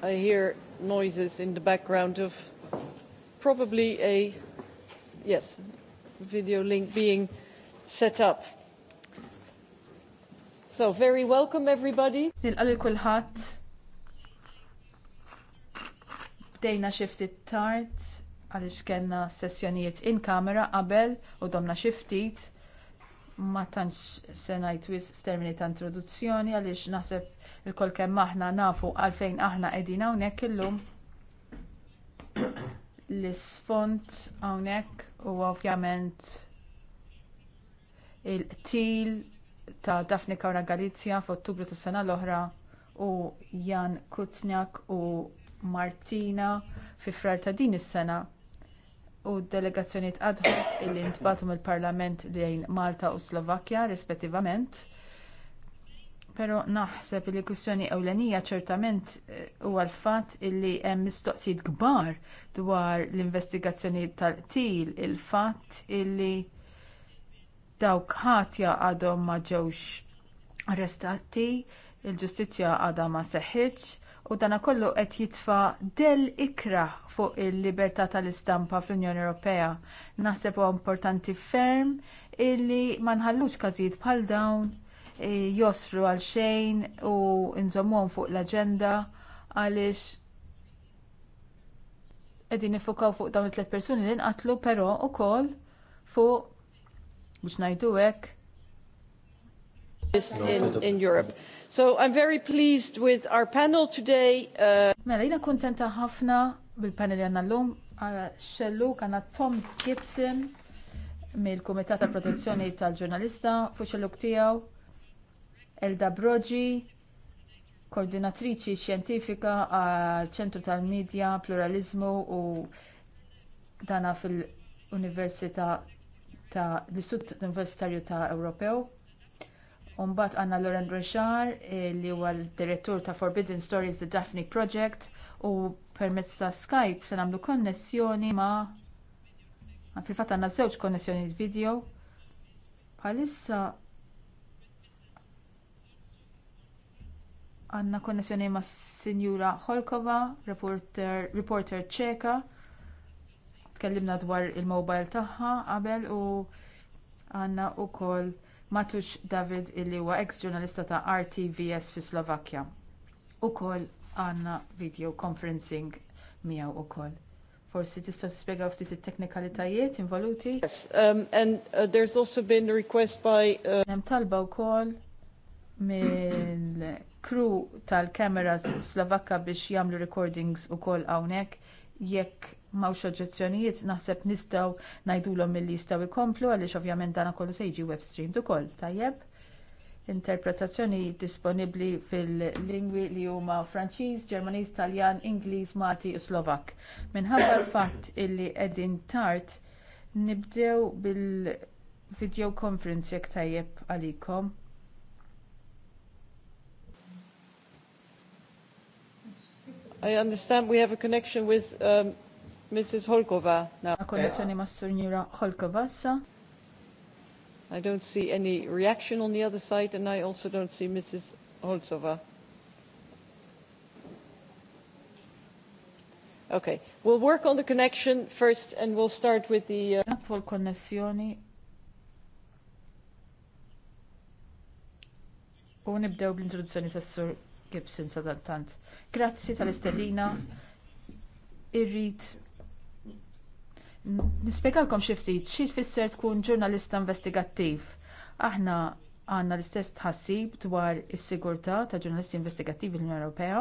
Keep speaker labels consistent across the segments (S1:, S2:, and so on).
S1: I hear noises in the background of probably a, yes, video link being set up. So, very welcome everybody. Nilqal kulħadd.
S2: Dejna xifti tart għaliex kellna sessjonijiet in kamera qabel u domna xi ma tantx senajt wis f'termini ta' introduzzjoni għalix naħseb il-kol kemm aħna nafu għalfejn aħna qegħdin hawnhekk illum l-isfond hawnhekk u ovvjament il-qtil ta' Dafni Kawra Galizja f'Ottubru tas sena l-oħra u Jan Kuzniak u Martina fi frar ta' din is-sena u d delegazzjonijiet ad hoc illi ntbatu mill-Parlament lejn Malta u Slovakkja rispettivament Pero naħseb li kwistjoni ewlenija ċertament eh, huwa l-fatt illi hemm mistoqsijiet kbar dwar l-investigazzjoni tal-qtil, il-fatt illi dawk ħatja għadhom ma ġewx arrestati, il-ġustizzja għadha ma seħħitx u dana kollu qed jitfa del ikra fuq il-libertà tal-istampa fl-Unjoni Ewropea. Naħseb huwa importanti ferm illi ma nħallux każijiet bħal dawn Eh, josru għal xejn u nżommhom fuq l-aġenda għaliex qegħdin nifukaw fuq dawn it-tliet persuni li nqatlu però koll fuq biex ngħidu hekk
S1: In, in Europe. So I'm very pleased with our panel today. Uh, mela, jina kontenta ħafna
S2: bil-panel għanna l-lum. Xellu għanna Tom Gibson mill-Kumitat ta' Protezzjoni tal-Ġurnalista fuq xelluk tijaw Elda Broġi, koordinatriċi xjentifika għal ċentru tal-Midja, Pluralizmu u dana fil-Università ta' l-Istut Universitarju ta' Ewropew. Umbat għanna Loren Rexar li huwa l-direttur ta' Forbidden Stories The Daphne Project u permezz ta' Skype se nagħmlu konnessjoni ma' fil-fatt għandna żewġ konnessjoni video. Bħalissa Għanna konnessjoni ma' Sinjura Holkova, reporter, reporter ċeka. Tkellimna dwar il-mobile tagħha qabel u għanna u koll David illi huwa ex-ġurnalista ta' RTVS fi Slovakkja. Ukoll għandna video conferencing miegħu ukoll. Forsi tista' tispjega ftit it-teknikalitajiet involuti? Yes, um, and uh, there's also been a request by uh... talba wkoll mill-kru tal-kameras slovakka biex jagħmlu recordings ukoll hawnhekk jekk m'hawnx oġġezzjonijiet naħseb nistgħu ngħidulhom milli jistgħu jkomplu għaliex ovvjament dan kollu se jiġi web streamed ukoll tajjeb. Interpretazzjoni disponibbli fil-lingwi li huma Franċiż, Ġermaniż, Taljan, Ingliż, Malti u Slovak. Minħabba l-fatt illi qegħdin tard nibdew bil-video conference jekk tajjeb għalikom
S1: I understand we have a connection with um, Mrs. Holkova now. Konnezzjoni ma' Surnira
S2: Holkova sa.
S1: I don't see any reaction on the other side and I also don't see Mrs. Holzova. Okay, we'll work on the connection first and we'll start with the... Uh... konnessjoni u nibdew
S2: bl-introduzzjoni tas Gibson sadantant. Grazzi tal-istedina. Irrid nispjegalkom xi ftit xi tfisser tkun ġurnalista investigattiv. Aħna għandna l-istess tħassib dwar is-sigurtà ta' ġurnalisti investigattivi l-Unjoni Ewropea.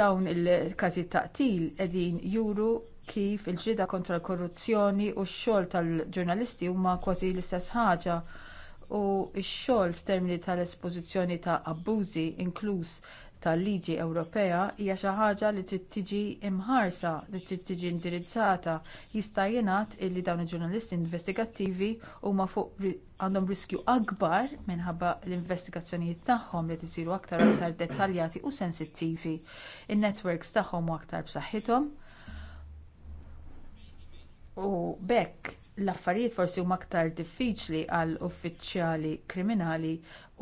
S2: Dawn il-każi ta' qtil qegħdin juru kif il-ġida kontra l-korruzzjoni u x-xogħol tal-ġurnalisti huma kważi l-istess ħaġa u x-xogħol f'termini tal-espożizzjoni ta' abbużi inkluż tal-liġi Ewropea hija xi ħaġa li trid tiġi mħarsa li trid tiġi indirizzata jista' jingħad illi dawn il-ġurnalisti investigattivi huma fuq għandhom riskju akbar minħabba l-investigazzjonijiet tagħhom li tisiru aktar aktar dettaljati u sensittivi. In-networks tagħhom u aktar b'saħħithom. U b'hekk l-affarijiet forsi huma aktar diffiċli għal uffiċjali kriminali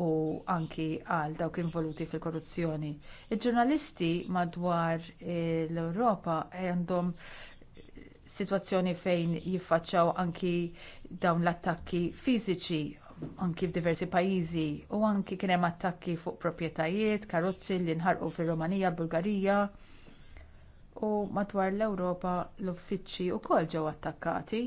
S2: u anki għal dawk involuti fil-korruzzjoni. Il-ġurnalisti madwar l-Ewropa għandhom sitwazzjoni fejn jiffaċċjaw anki dawn l-attakki fiżiċi anki f'diversi pajjiżi u anki kien hemm attakki fuq proprjetajiet, karozzi li nħarqu fir-Rumanija, Bulgarija u madwar l-Ewropa l-uffiċċji wkoll ġew attakkati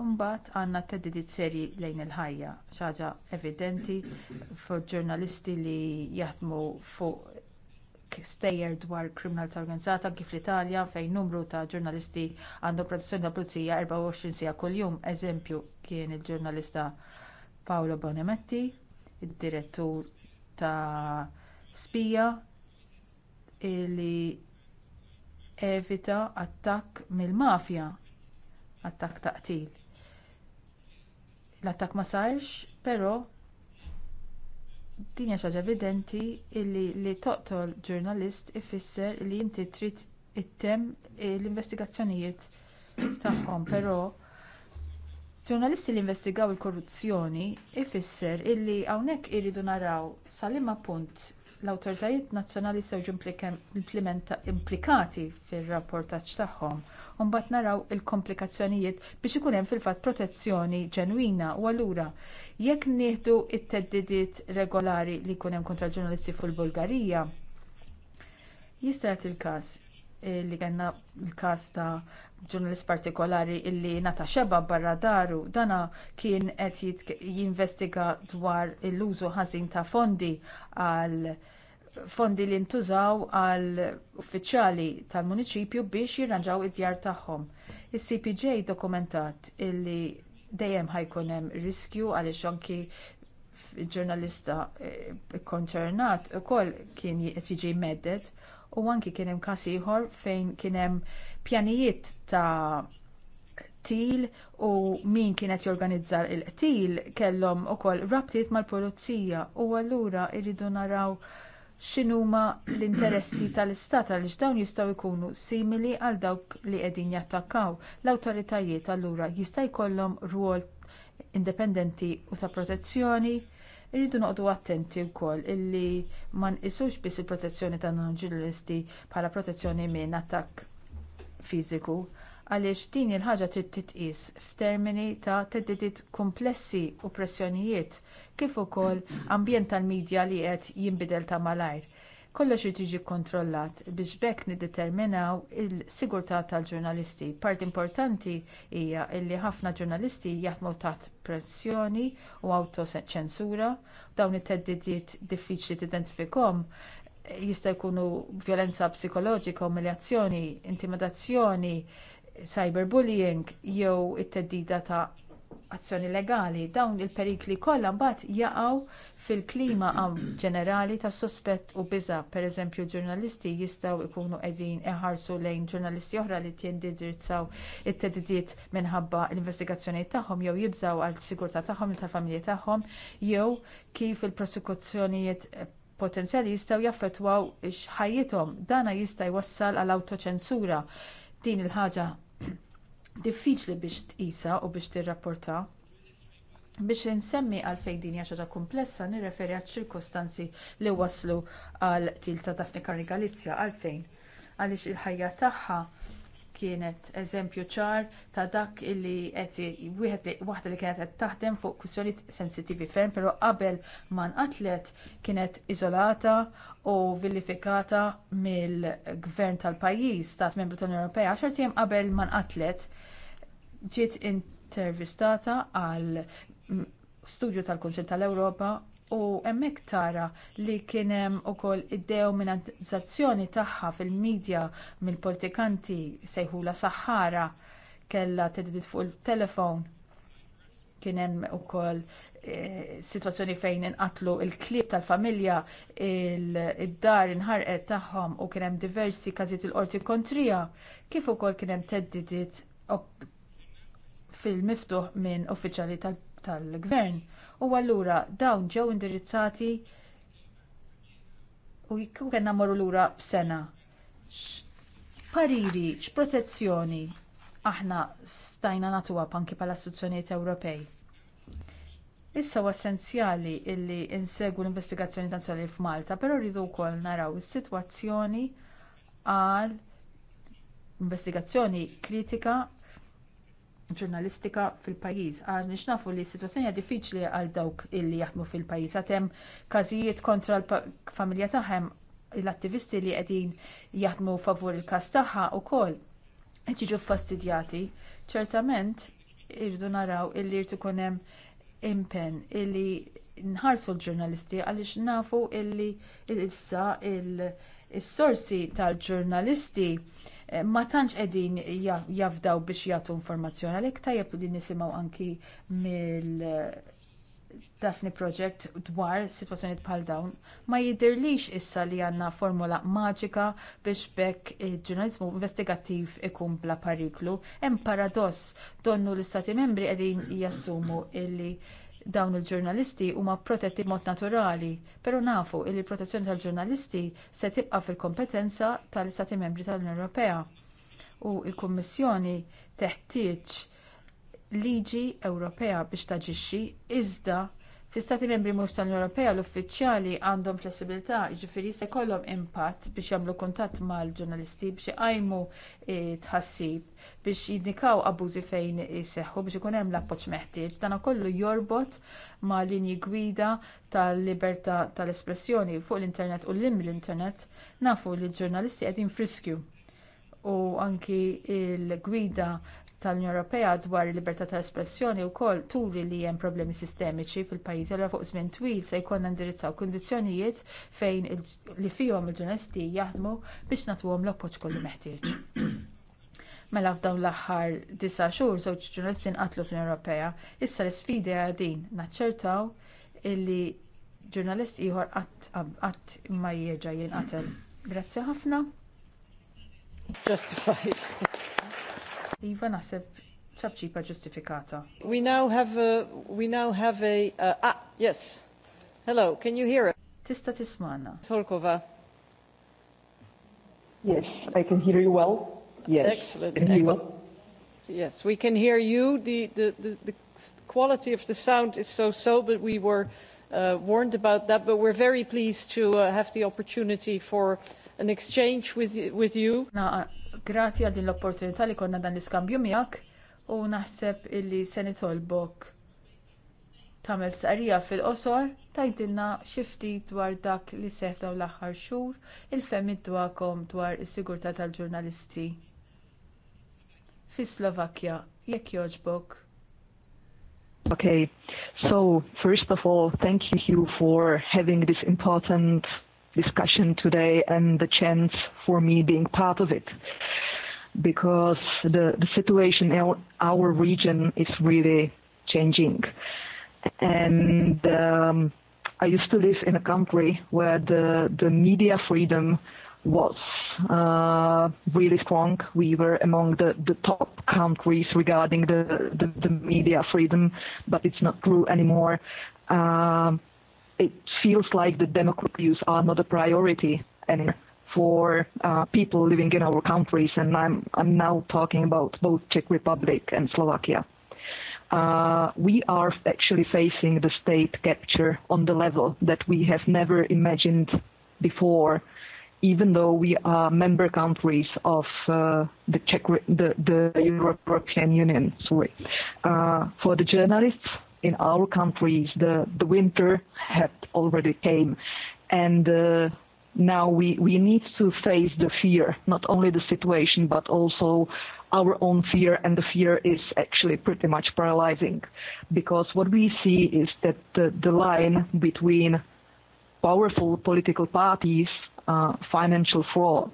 S2: Imbagħad għandna t serji lejn il-ħajja, xaġa evidenti fuq ġurnalisti li jaħdmu fuq stejjer dwar kriminalità organizzata kif l-Italja fejn numru ta' ġurnalisti għandu protezzjoni ta' pulizija 24 sija kuljum. Eżempju kien il-ġurnalista Paolo Bonemetti, id-direttur ta' Spija li evita attakk mill-mafja attakk ta' qtil l-attak ma sarx, però din hija xaġa evidenti illi li toqtol ġurnalist ifisser li inti trid ittemm l-investigazzjonijiet tagħhom, però ġurnalisti li investigaw il-korruzzjoni ifisser illi hawnhekk iridu naraw sal-imma punt l-awtoritajiet nazzjonali sewġu implikati fir-rapportaġġ tagħhom u mbagħad naraw il-komplikazzjonijiet biex ikun hemm fil-fatt protezzjoni ġenwina u allura jekk nieħdu t theddidiet regolari li jkun hemm kontra ġurnalisti fil-Bulgarija jista' jagħti il-każ Eh, li għanna l-kas ta' ġurnalist partikolari illi nata xeba barra daru, dana kien qed jinvestiga dwar l-użu ħażin ta' fondi għal fondi li ntużaw għal uffiċjali tal-municipju biex jirranġaw id-djar tagħhom. Is-CPJ dokumentat illi dejjem ħajkun hemm riskju għaliex anki ġurnalista eh, konċernat ukoll kien qed jiġi medded u anki kien hemm każ ieħor fejn kien hemm pjanijiet ta' til u min kienet jorganizza il qtil kellhom ukoll rabtiet mal-pulizija u allura jridu naraw x'inhuma l-interessi tal-istat għaliex dawn jistgħu jkunu simili għal dawk li qegħdin jattakkaw. L-awtoritajiet allura jista' jkollhom rwol indipendenti u ta' protezzjoni Irridu noqdu attenti wkoll illi ma nqisux biss il-protezzjoni ta' non-ġurnalisti bħala protezzjoni minn attakk fiżiku għaliex din il-ħaġa trid titqis f'termini ta' teddidiet komplessi u pressjonijiet kif ukoll ambjent tal medja li qed jinbidel ta' malajr kollox irid jiġi kontrollat biex bekk niddeterminaw il-sigurtà tal-ġurnalisti. Parti importanti hija li ħafna ġurnalisti jaħdmu taħt pressjoni u autoċensura dawn it-teddidiet diffiċli tidentifikhom jista' jkunu vjolenza psikoloġika, umiljazzjoni, intimidazzjoni, cyberbullying jew it-teddida ta' azzjoni legali. Dawn il-perikli kollha mbagħad jaqgħu fil-klima ġenerali ta' sospett u biża'. Pereżempju ġurnalisti jistgħu jkunu qegħdin iħarsu lejn ġurnalisti oħra li jindirizzaw it-tedidiet minħabba l-investigazzjonijiet tagħhom jew jibżgħu għal sigurtà tagħhom tal-familji tagħhom jew kif il-prosekuzzjonijiet potenzjali jistgħu jaffettwaw ħajjithom. Dana jista' jwassal għal awtoċensura. Din il-ħaġa diffiċli biex tqisha u biex tirrapporta. Biex insemmi għalfejn din hija xi ħaġa komplessa nirreferi għax ċirkostanzi li waslu għal til ta' Dafni Karigalizja għalfejn għaliex il-ħajja tagħha kienet eżempju ċar ta' dak illi qed waħda li kienet qed taħdem fuq kwistjonijiet sensittivi ferm, però qabel ma nqatlet kienet iżolata u villifikata mill-gvern tal-pajjiż stat membru tal-Unjoni Ewropea għaxar tiem qabel ma nqatlet ġiet intervistata għal studju tal-Kunsil tal-Ewropa u hemmhekk tara li kien hemm ukoll id-dewminizzazzjoni tagħha fil-medja mill-politikanti sejħula Sahara kellha teddidiet fuq il-telefon. Kien hemm ukoll eh, sitwazzjoni fejn inqatlu l klieb tal-familja id-dar inħarqet tagħhom u kien hemm diversi każijiet il-qorti kontrija kif ukoll kien hemm teddidiet fil-miftuħ minn uffiċjali tal-gvern. tal gvern u allura dawn ġew indirizzati u jekku kellna morru lura b'sena. Pariri, x'protezzjoni aħna stajna nagħtuha anki bħala istituzzjonijiet Ewropej. Issa huwa essenzjali li insegwu l-investigazzjoni nazzjonali f'Malta, però rridu wkoll naraw is-sitwazzjoni għal investigazzjoni kritika ġurnalistika fil-pajjiż għal nix nafu li s-sitwazzjoni diffiċli għal dawk illi jaħdmu fil-pajjiż Għatem hemm każijiet kontra l-familja tagħhom l-attivisti li qegħdin jaħdmu favur il-każ tagħha wkoll qed jiġu fastidjati. Ċertament irdu naraw illi jrid ikun hemm impenn illi nħarsu l-ġurnalisti għaliex nafu illi issa il-sorsi tal-ġurnalisti il Eh, ma tantx qegħdin jafdaw biex jagħtu informazzjoni għalhekk tajjeb li nisimgħu anki mill eh, Daphne Project dwar sitwazzjonijiet bħal dawn ma jidhirlix issa li għandna formula maġika biex bekk il-ġurnalizmu investigattiv ikun bla pariklu. Hemm paradoss donnu l-istati membri qegħdin jassumu illi dawn il-ġurnalisti huma protetti b'mod naturali, però nafu li l protezzjoni tal-ġurnalisti se tibqa' fil-kompetenza tal-Istati Membri tal-Unjoni Ewropea. U l-Kummissjoni teħtieġ liġi Ewropea biex taġixxi iżda fl-Istati Membri mhux tal-Unjoni Ewropea l-uffiċjali għandhom flessibilità, jiġifieri se jkollhom impatt biex jagħmlu kuntatt mal-ġurnalisti biex iqajmu eh, tħassib biex jindikaw abbużi fejn jseħħu biex ikun hemm l-appoġġ meħtieġ. Dan kollu jorbot ma' linji gwida tal-libertà tal-espressjoni fuq l-internet u lim l-internet nafu li l-ġurnalisti qegħdin friskju u anki l gwida tal-Unjoni Ewropea dwar il-libertà tal-espressjoni wkoll turi li hemm problemi sistemiċi fil-pajjiż allura fuq żmien twil se jkollna indirizzaw kundizzjonijiet fejn li fihom il-ġurnalisti jaħdmu biex nagħtuhom l-appoġġ kollu meħtieġ. Mela f'dawn l-aħħar disa' xhur żewġ ġurnalisti nqatlu fl-Unjoni Ewropea. Issa l-isfidi għadin naċċertaw illi ġurnalist ieħor qatt ma jerġa' jinqatel. Grazzi ħafna. Justified. Iva naħseb ċabċipa
S1: ġustifikata. We now have a, we now have a, uh, ah, yes. Hello, can you hear it? Tista tismana. Solkova.
S3: Yes, I can hear you well. Yes. Excellent. Excellent.
S1: Yes, we can hear you. The, the, the, the quality of the sound is so-so, but we were uh, warned about that. But we're very pleased to uh, have the opportunity for an exchange with, with you. Na, grati din l-opportunità li konna dan l-iskambju miegħek u naħseb
S2: illi se nitolbok tamel sarija fil-qosor tajdinna xi ftit dwar dak li seħħ l-aħħar xhur il-femmit dwakom dwar is-sigurtà tal-ġurnalisti fi Slovakkja jekk jogħġbok.
S3: Okay, so first of all, thank you for having this important discussion today and the chance for me being part of it because the, the situation in our region is really changing. And um, I used to live in a country where the, the media freedom was uh, really strong. We were among the, the top countries regarding the, the, the media freedom, but it's not true anymore. Um, it feels like the democracies are not a priority anymore for uh, people living in our countries, and I'm, I'm now talking about both Czech Republic and Slovakia. Uh, we are actually facing the state capture on the level that we have never imagined before even though we are member countries of uh, the Czech, the, the European Union. Sorry, uh, for the journalists in our countries, the the winter had already came, and. Uh, now we, we need to face the fear, not only the situation, but also our own fear, and the fear is actually pretty much paralyzing. Because what we see is that the, the line between powerful political parties uh, financial fraud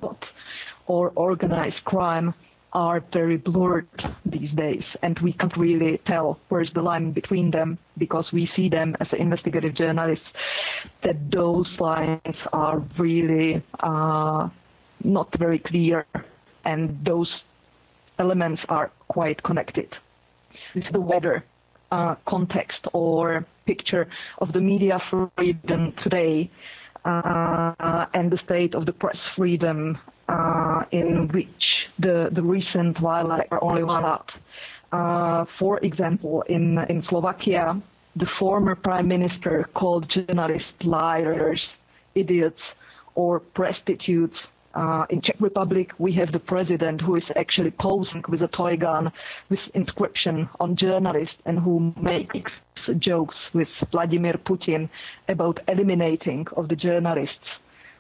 S3: or organized crime are very blurred these days and we can't really tell where's the line between them because we see them as investigative journalists that those lines are really uh, not very clear and those elements are quite connected. It's the weather uh, context or picture of the media freedom today uh, and the state of the press freedom uh, in which the, the recent violence are only one up. Uh, for example, in, in Slovakia, the former prime minister called journalists liars, idiots, or prostitutes Uh, in Czech Republic, we have the president who is actually posing with a toy gun with inscription on journalists and who makes jokes with Vladimir Putin about eliminating of the journalists.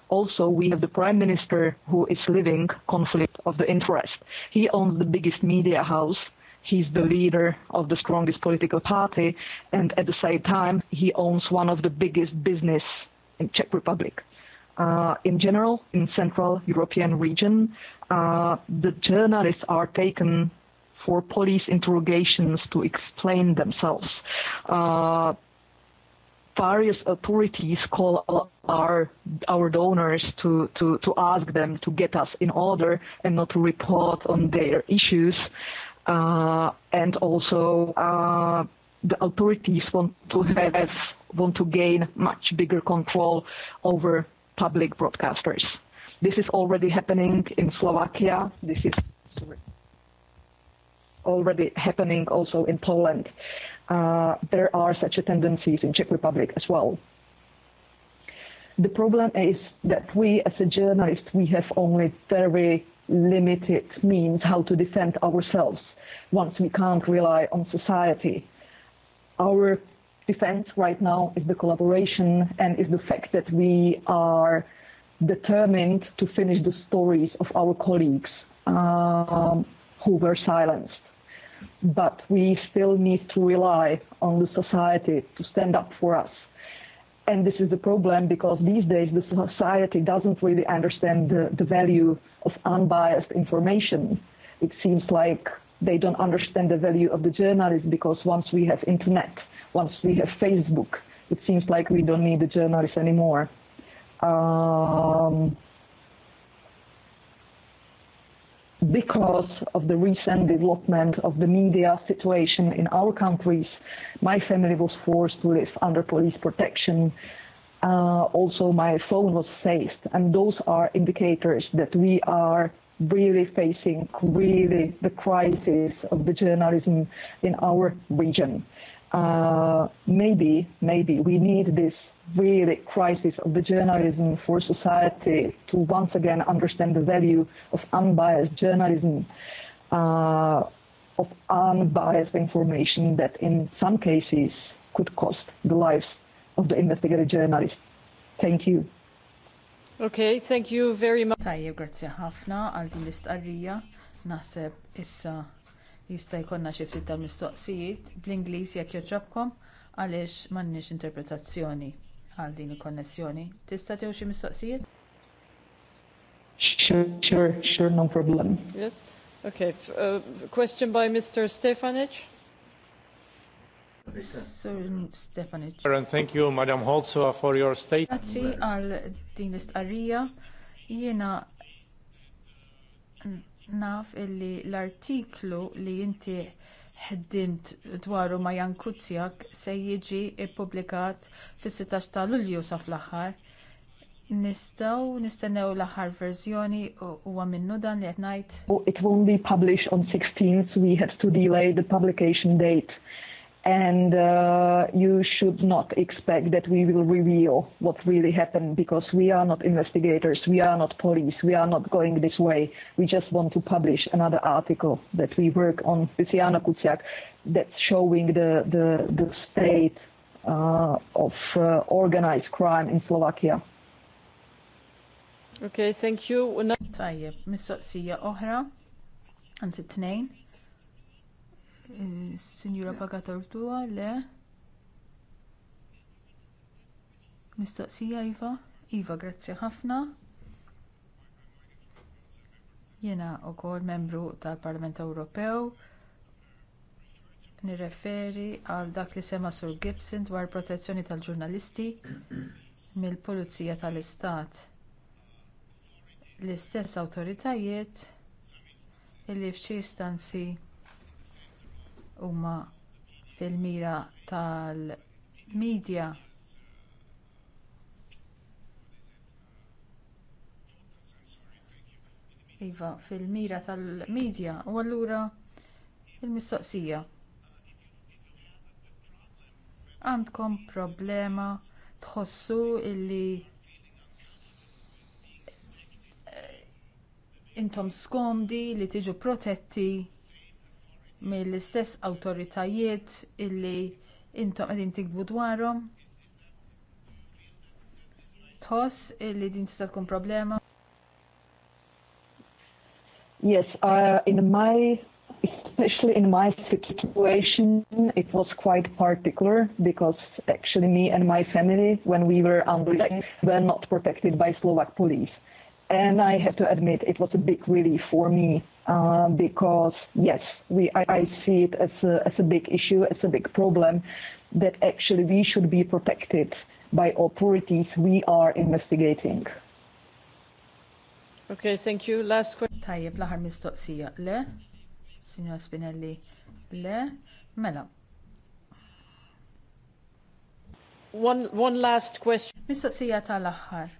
S3: Also, we have the prime minister who is living conflict of the interest. He owns the biggest media house. He's the leader of the strongest political party, and at the same time, he owns one of the biggest business in Czech Republic. Uh, in general, in Central European region, uh, the journalists are taken for police interrogations to explain themselves. Uh, various authorities call our our donors to, to, to ask them to get us in order and not to report on their issues. Uh, and also uh, the authorities want to have want to gain much bigger control over public broadcasters. This is already happening in Slovakia. This is already happening also in Poland. Uh, there are such a tendencies in Czech Republic as well. The problem is that we as a journalist, we have only very limited means how to defend ourselves once we can't rely on society. Our defense right now is the collaboration and is the fact that we are determined to finish the stories of our colleagues um, who were silenced. But we still need to rely on the society to stand up for us. And this is the problem because these days the society doesn't really understand the, the value of unbiased information. It seems like they don't understand the value of the journalist because once we have internet, Once we have Facebook, it seems like we don't need the journalists anymore. Um, because of the recent development of the media situation in our countries, my family was forced to live under police protection. Uh, also, my phone was seized, and those are indicators that we are really facing really the crisis of the journalism in our region uh, maybe, maybe we need this really crisis of the journalism for society to once again understand the value of unbiased journalism, uh, of unbiased information that in some cases could cost the lives of the investigative journalists. Thank you.
S1: Okay, thank you very much. Tajjeb, grazzi ħafna
S2: għal din l-istqarrija. issa jista' jkollna xi ftit tal-mistoqsijiet bl-Ingliż jekk joġobkom għaliex m'għandniex interpretazzjoni għal
S1: din il-konnessjoni. Tista' tew xi mistoqsijiet?
S3: Sure, sure, sure, no problem.
S1: Yes. Okay, uh, question by Mr. Stefanich. Sir Stefanic. And thank you, Madam Holzova, for your statement. Grazzi
S2: għal din l-istqarrija. Jiena naf illi l-artiklu li inti ħdimt dwaru ma' Jan Kuzzjak se jiġi ppubblikat fis-16 ta' Lulju sa fl-aħħar. Nistgħu nistennew l-aħħar verżjoni huwa
S3: minnu dan li qed ngħid. It won't be published on 16th, we had to delay the publication date and uh, you should not expect that we will reveal what really happened because we are not investigators, we are not police, we are not going this way. We just want to publish another article that we work on, with Jana Kuciak, that's showing the, the, the state uh, of uh, organized crime in Slovakia.
S1: Okay, thank you. Tajjeb,
S2: mistoqsija oħra, and t-tnejn Signora Pagatortua, le. Mistoqsija Iva? Iva, grazzi ħafna. Jiena wkoll membru tal-Parlament Ewropew nirreferi għal dak li sema Sur Gibson dwar protezzjoni tal-ġurnalisti mill-Pulizija tal-Istat. L-istess awtoritajiet illi f'xi istanzi huma fil-mira tal-medja iva fil-mira tal-medja u allura l mistoqsija Għandkom problema tħossu illi eh, intom skomdi li tiġu protetti mill-istess awtoritajiet illi intom qegħdin tikbu dwarhom? Tħoss illi din tista' tkun problema?
S3: Yes, uh, in my especially in my situation, it was quite particular because actually me and my family, when we were under, were not protected by Slovak police. And I have to admit, it was a big relief for me uh, because, yes, we, I, I see it as a, as a big issue, as a big problem, that actually we should be protected by authorities we are investigating.
S1: Okay, thank you. Last
S2: question. Tajjeb, laħar mistoqsija. Le? Signor Spinelli, le? Mela. One, one last question. Mistoqsija tal-aħħar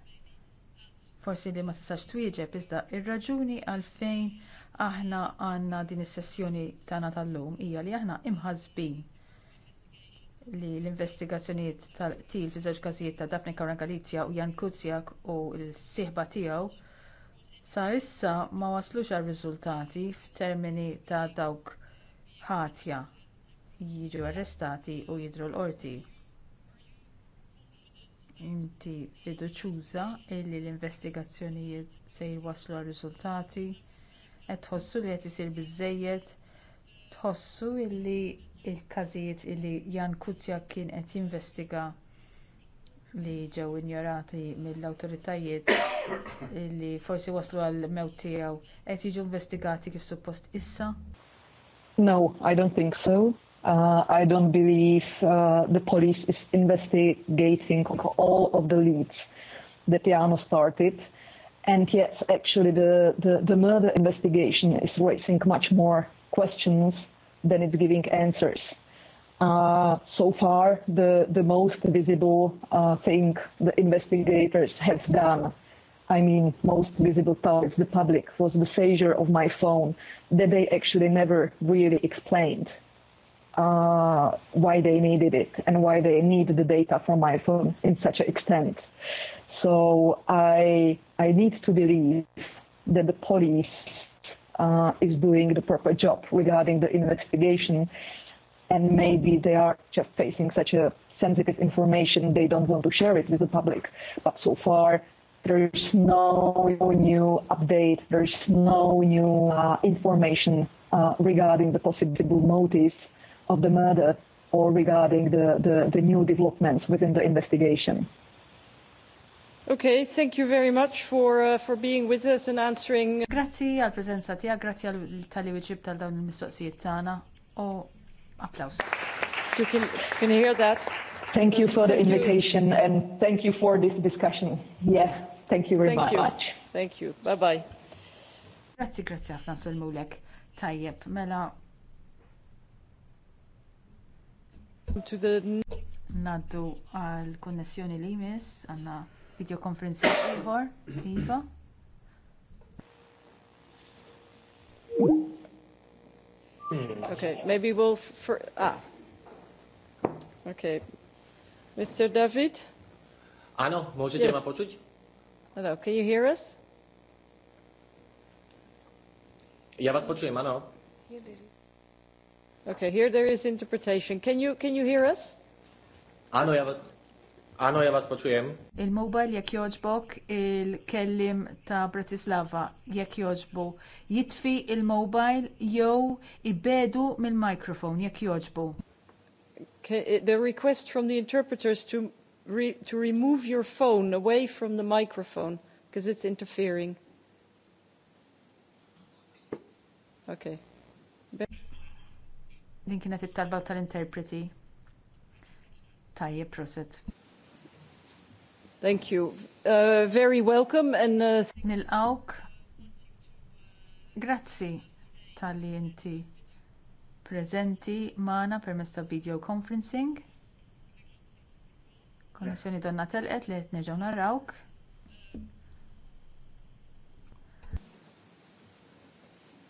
S2: forsi li ma tistax twieġeb iżda ir-raġuni għalfejn aħna għandna din is-sessjoni tagħna tal-lum hija li aħna imħazbin li l-investigazzjonijiet tal-qtil fi żewġ każijiet ta' Daphne Caruana Galizja u Jan Kuzjak u l-sieħba tiegħu sa issa ma waslux għal riżultati f'termini ta' dawk ħatja jiġu arrestati u jidhru l-qorti inti fiduċjuża li l-investigazzjonijiet se jwasslu għal riżultati qed tħossu li qed isir biżżejjed tħossu li l-każijiet li Jan Kutja kien qed jinvestiga li ġew injorati mill-awtoritajiet li forsi waslu għal mewt tiegħu qed jiġu investigati kif suppost issa?
S3: No, I don't think so. Uh, I don't believe uh, the police is investigating all of the leads that Piano started. And yet, actually, the, the, the murder investigation is raising much more questions than it's giving answers. Uh, so far, the, the most visible uh, thing the investigators have done, I mean, most visible towards the public, was the seizure of my phone that they actually never really explained uh, why they needed it and why they needed the data from my phone in such an extent. So I I need to believe that the police uh, is doing the proper job regarding the investigation, and maybe they are just facing such a sensitive information they don't want to share it with the public. But so far. There is no new update. There is no new uh, information uh, regarding the possible motives of the murder or regarding the, the, the new developments within the investigation.
S1: Okay, thank you very much for, uh, for being with us and answering. Grazie għal prezenza tijak, grazie għal tali wieġib tal dawn il-mistoqsijiet tana. u applaus. You can, can you hear that.
S3: Thank you for thank the invitation you. and thank you for this discussion. Yeah, thank you very thank much. You.
S1: Thank you. Bye bye.
S2: Grazie, grazie, ħafna mulek. Tajjeb, mela Naddu għal konnessjoni li jmiss għanna videokonferenzi ieħor, Iva.
S1: Okay, maybe we'll for ah. Okay. Mr. David?
S4: Ano, ah, możecie yes. ma poczuć?
S1: Hello, can you hear us?
S4: Ja was poczułem, ano.
S1: You did it. Okay, here there is interpretation. Can you, can you hear us?
S4: Għano ja vas java
S2: il mobil jek joġbok il-kellim ta' Bratislava jek joġbu. Jitfi il-mobile jew ibedu mil mikrofon jek joġbu.
S1: Eh, the request from the interpreters to, re, to remove your phone away from the microphone because it's interfering. Okay. Din kienet it-talba
S2: tal-interpreti. Tajje proset. Thank you. Uh, very welcome and uh... Nil-awk. Grazzi tal-li inti prezenti maħna per mesta video conferencing. Konnessjoni donna telqet li
S1: qed nerġgħu narawk.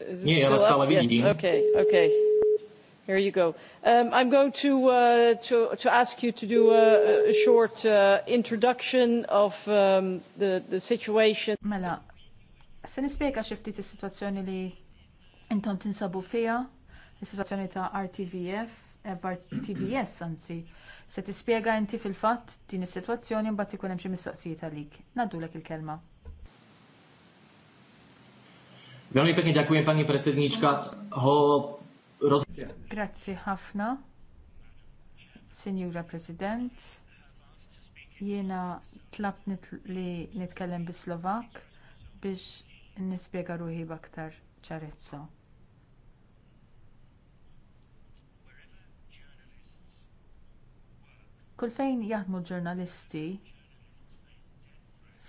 S1: Yeah, still yeah, Yes. Okay, okay. Here you go. Um, I'm going to, uh, to, to ask you to do a, a short uh, introduction of um, the, the situation. Mela, se nispiega xiftit
S2: il-situazzjoni li intom tinsabu fija, il-situazzjoni ta' RTVF, eh, RTVS anzi, se tispiega inti fil-fat din is-situazzjoni mbagħad ikun hemm xi mistoqsijiet għalik. Nadulek il-kelma.
S4: Veľmi pekne ďakujem, pani predsedníčka. Ho
S2: Grazzi ħafna, Signora President. Jiena tlab li nitkellem bi Slovak biex nispjega ruħi baktar ċarezza. Kull fejn jaħdmu ġurnalisti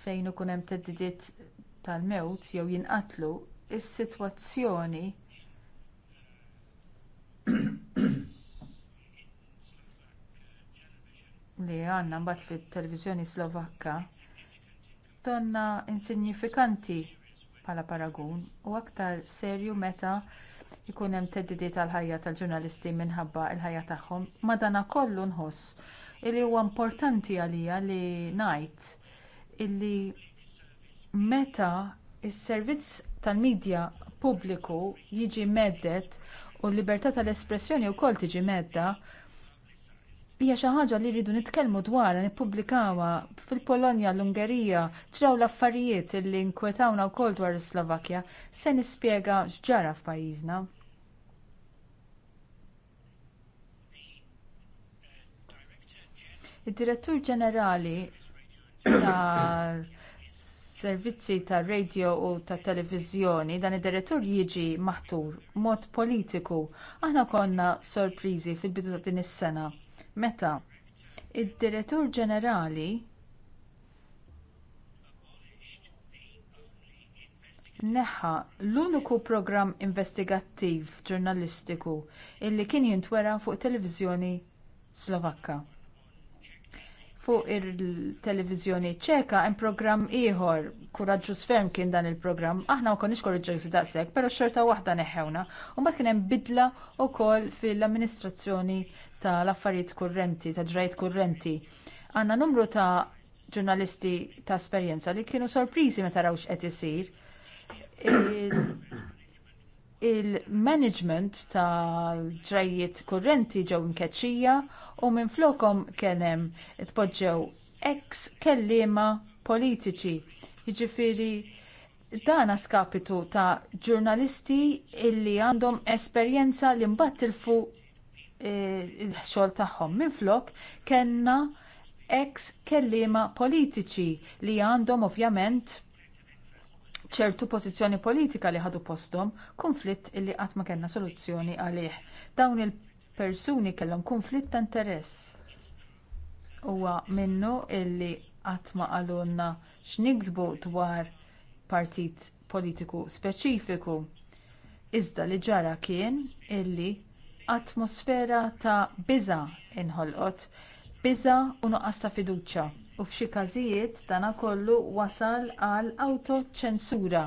S2: fejn ikun hemm theddidiet tal-mewt jew jinqatlu, is-sitwazzjoni li għandna mbagħad fit-televiżjoni Slovakka donna insignifikanti bħala paragun u aktar serju meta jkun hemm theddidiet għall ħajja tal-ġurnalisti minħabba l-ħajja tagħhom. kollu nħoss li huwa importanti għalija li ngħid illi meta s servizz tal-midja pubbliku jiġi meddet u l-libertà tal-espressjoni wkoll tiġi medda, hija xi ħaġa li rridu nitkellmu dwarha nippubblikawha fil-Polonja l-Ungerija ġraw l-affarijiet li nkwetawna wkoll dwar is-Slovakkja se nispjega x'ġara f'pajjiżna. Id-Direttur Ġenerali tar servizzi ta' radio u ta' televizjoni dan id-direttur jiġi maħtur mod politiku. Aħna konna sorpriżi fil-bidu ta' din is-sena meta id-direttur ġenerali neħħa l-uniku programm investigattiv ġurnalistiku illi kien jintwera fuq it televiżjoni Slovakka fuq il-televizjoni ċeka hemm programm ieħor kuraġġu sferm kien dan il-programm. Aħna ma konniex korriġġew daqshekk, però xorta waħda neħħewna. U mbagħad kien hemm bidla wkoll fil-amministrazzjoni tal-affarijiet kurrenti, ta' ġrajiet kurrenti. Għandna numru ta' ġurnalisti ta' esperjenza li kienu sorpriżi meta rawx qed isir il-management tal-ġrajiet kurrenti ġew mkeċċija u minn flokom hemm tpoġġew ex kelliema politiċi. Jiġifieri dan skapitu ta' ġurnalisti illi għandhom esperjenza li mbagħad tilfu eh, il-xogħol tagħhom. Minflok kellna ex kelliema politiċi li għandhom ovvjament ċertu pożizzjoni politika li ħadu posthom, kunflitt illi qatt ma kellna soluzzjoni għalih. Dawn il-persuni kellhom kunflitt ta' interess. Huwa minnu illi qatt ma qalulna x'nikdbu dwar partit politiku speċifiku. Iżda li ġara kien illi atmosfera ta' biża' inħolqot, biża' u nuqqas ta' fiduċja u f'xi każijiet dana kollu wasal għal autoċensura.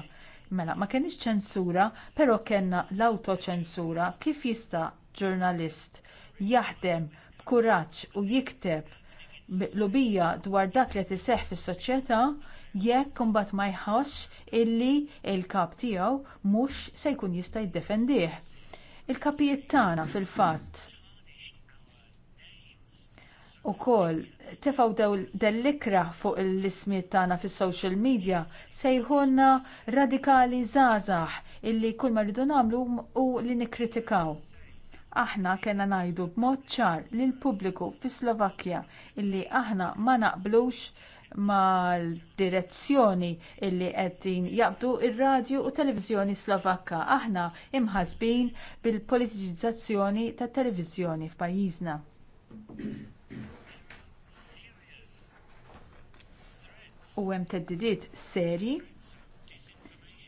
S2: Mela, ma kenix ċensura, però kellna l-autoċensura kif jista' ġurnalist jaħdem b'kuraġġ u jikteb lubija dwar dak li tiseħ fis-soċjetà jekk imbagħad ma jħoss illi l kap tiegħu mhux se jkun jista' jiddefendih. Il-kapijiet tagħna fil-fatt u kol tefaw dell-ikra fuq l-ismiet tagħna fis-social media sejħunna radikali zazax illi kull ma rridu nagħmlu u li nikkritikaw. Aħna kena ngħidu b'mod ċar lill pubbliku fis Slovakkja illi aħna ma naqblux mal direzzjoni illi qegħdin jaqbdu r radju u televiżjoni Slovakka. Aħna imħasbin bil-politiċizzazzjoni tat televiżjoni f'pajjiżna. u hemm teddidiet serji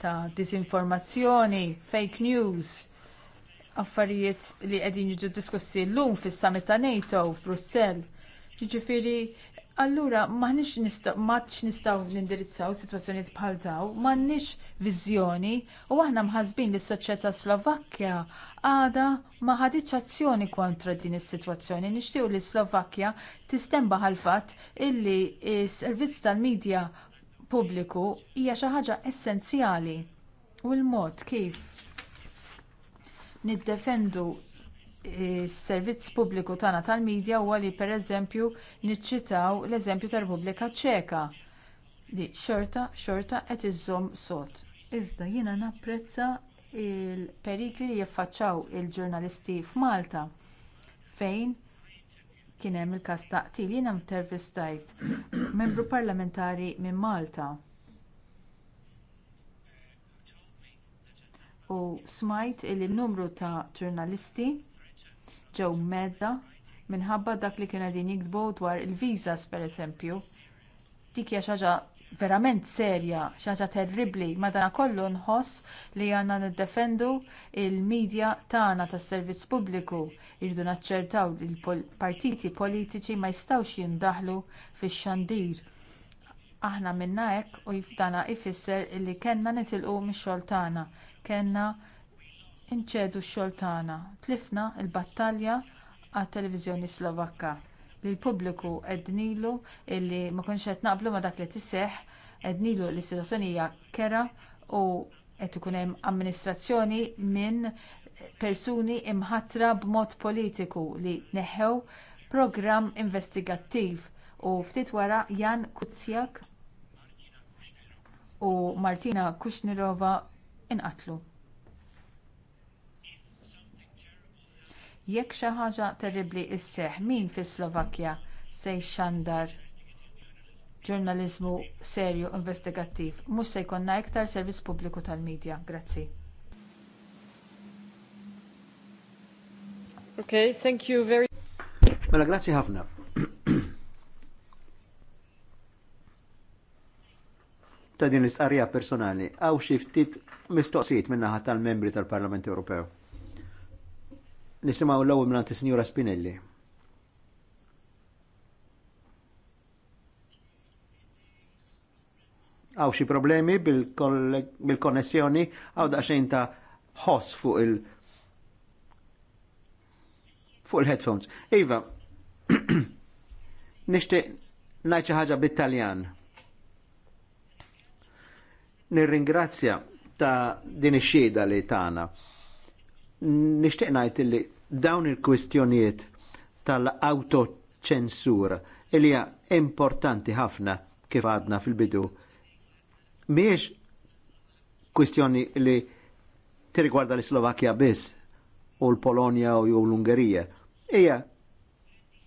S2: ta' disinformazzjoni, fake news, affarijiet li qegħdin jiġu diskussi llum fis-summit ta' NATO f'Brussell. Jiġifieri Allura, maħnix nistaw, maħnix nistaw nindirizzaw situazzjoniet bħal daw, maħnix vizjoni u aħna mħazbin li s-soċieta Slovakkja għada maħadiċ azzjoni kontra din is-situazzjoni. Nixtiju li Slovakkja tistemba għal-fat illi s-servizz tal-medja pubbliku hija xi ħaġa essenzjali u l-mod kif niddefendu servizz pubbliku tagħna tal-medja huwa li pereżempju niċċitaw l-eżempju tar-Repubblika Ċeka li xorta xorta qed iżżomm sod. Iżda jiena napprezza l perikli li jiffaċċjaw il-ġurnalisti f'Malta fejn kien hemm il-każ ta' qtil jiena intervistajt membru parlamentari minn Malta. U smajt il-numru ta' ġurnalisti ġew medda minħabba dak li kien qegħdin jiktbu dwar il-visas pereżempju. Dik hija xi ħaġa verament serja, xi ħaġa terribbli, madankollu nħoss li għandna niddefendu l midja tagħna tas-servizz pubbliku irridu naċċertaw li l-partiti politiċi ma jistgħux jindaħlu fix-xandir. Aħna minna hekk u dana ifisser li kellna nitilqu mix-xogħol tagħna, inċedu x-xogħol tagħna. Tlifna l-battalja għat-Televiżjoni Slovakka li l-pubbliku ednilu illi ma konx qed naqblu ma dak li tisseħ ednilu li istituzzjoni hija kera u qed ikun hemm amministrazzjoni minn persuni imħatra b'mod politiku li neħew programm investigattiv u ftit wara Jan Kuzzjak u Martina Kušnirova inqatlu. Jekk xi ħaġa terribbli isseħħ min fis-Slovakkja se xandar ġurnaliżmu serju investigattiv mhux se jkollna iktar servizz pubbliku tal-medja. Grazzi.
S1: Okay, thank you
S5: very Mela grazzi ħafna. ta' din l-istqarrija personali, għaw xi ftit mistoqsijiet min-naħa tal-membri tal-Parlament Ewropew. Nisimaw l ewel minn Sinjura Spinelli. Għaw xi problemi bil-konnessjoni bil għaw daqsxejn ta' ħoss fuq il- fuq il-headphones. Iva, nishti ngħid xi ħaġa bit-Taljan. Nirringrazzja ta' din ix-xieda li tagħna. Ta nixtieq ngħid li dawn il-kwistjonijiet tal-autoċensura il hija importanti ħafna kif għadna fil-bidu. Miex kwistjoni li tirrigwarda l-Slovakja biss u l-Polonja u l-Ungerija. Hija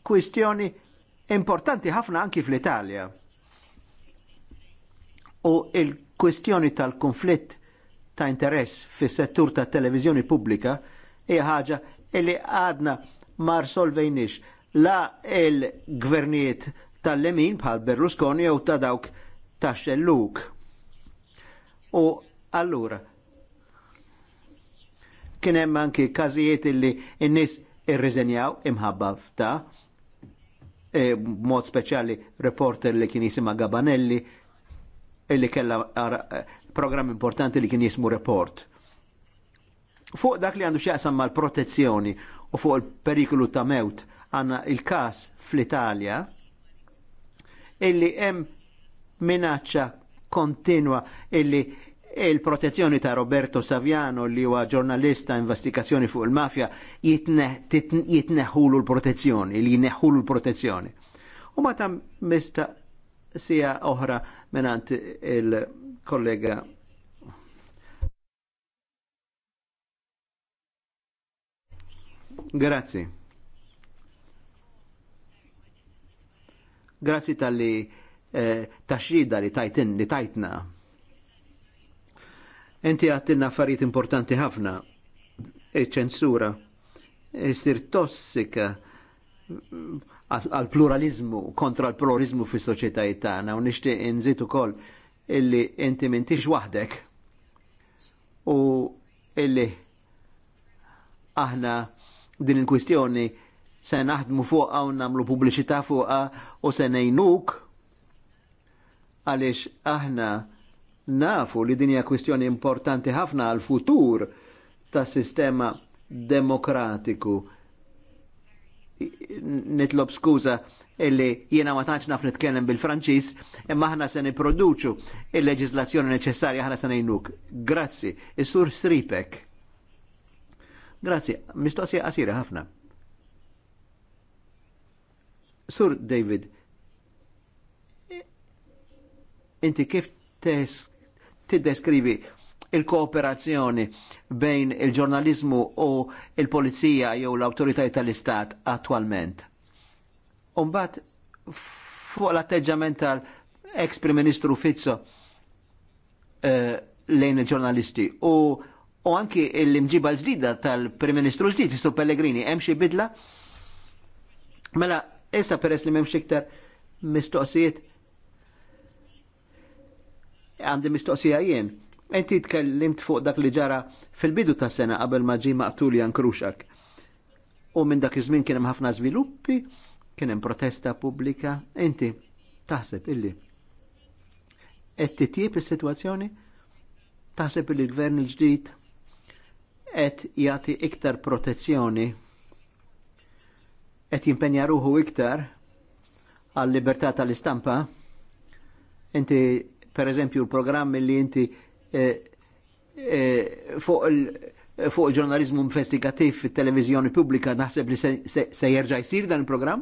S5: kwistjoni importanti ħafna anki fl-Italja. U il-kwistjoni tal-konflitt ta' interess fis settur ta' televizjoni pubblika hija ħaġa li għadna mar solvejnix la il-gvernijiet tal-lemin bħal Berlusconi u ta' dawk ta' xelluk. U allura, kien hemm anki każijiet illi n-nies irriżenjaw imħabba ta' e, mod speċjali reporter li kien jisima Gabanelli illi kella program importanti li kien jismu report. Fuq dak li għandu xaqsam mal-protezzjoni u fuq il-periklu ta' mewt għanna il-kas fl-Italja illi hemm minaccia kontinwa illi il-protezzjoni ta' Roberto Saviano li huwa ġurnalista investigazzjoni fuq il-mafja jitneħulu l-protezzjoni, li jitneħulu l-protezzjoni. U ma ta' mista sija oħra menant il- kollega Grazzi. Grazzi tal-li eh, taxxida li tajtin li tajtna. Enti għattinna affarijiet importanti ħafna. Iċ-ċensura e isir tossika għal pluralizmu kontra l pluralizmu fi soċjetajiet tagħna u nixtieq inżid ukoll illi inti mintix wahdek u illi aħna din il-kwistjoni se naħdmu fuq u nagħmlu pubbliċità fuqha u se nejnuk għaliex aħna nafu li din hija kwistjoni importanti ħafna għal futur tas sistema demokratiku nitlob skuza illi jiena ma tantx naf nitkellem bil-Franċiż, imma aħna se nipproduċu il-leġislazzjoni neċessarja aħna se ngħinuk. Grazzi, is-sur Sripek. Grazzi, mistoqsija qasira ħafna. Sur David, inti kif tes tiddeskrivi il-kooperazzjoni bejn il-ġurnalizmu u il-polizija jew l-autoritajiet tal-istat attualment. Umbat, fuq l-atteġġament
S3: tal-ex
S5: Prim Ministru Fizzo eh, lejn il-ġurnalisti u u anki l-imġiba l-ġdida tal-Prim Ministru ġdid, istu Pellegrini, hemm xi bidla? Mela, issa peress li m'hemmx iktar mistoqsijiet għandi mistoqsija jien Enti tkellimt fuq dak li ġara fil-bidu ta' sena qabel ma ġi maqtul Jan Kruxak. U minn dak iż-żmien kien hemm ħafna żviluppi, kien hemm protesta pubblika, inti taħseb illi qed titjieb is-sitwazzjoni? Taħseb illi l-gvern il-ġdid qed jagħti iktar protezzjoni qed jimpenja ruħu iktar għal libertà tal-istampa? Inti per eżempju l-programmi li inti Eh, eh, fuq il fuq il ġurnalizmu investigativ fil televizjoni pubblika naħseb li se jerġa' jisir dan il program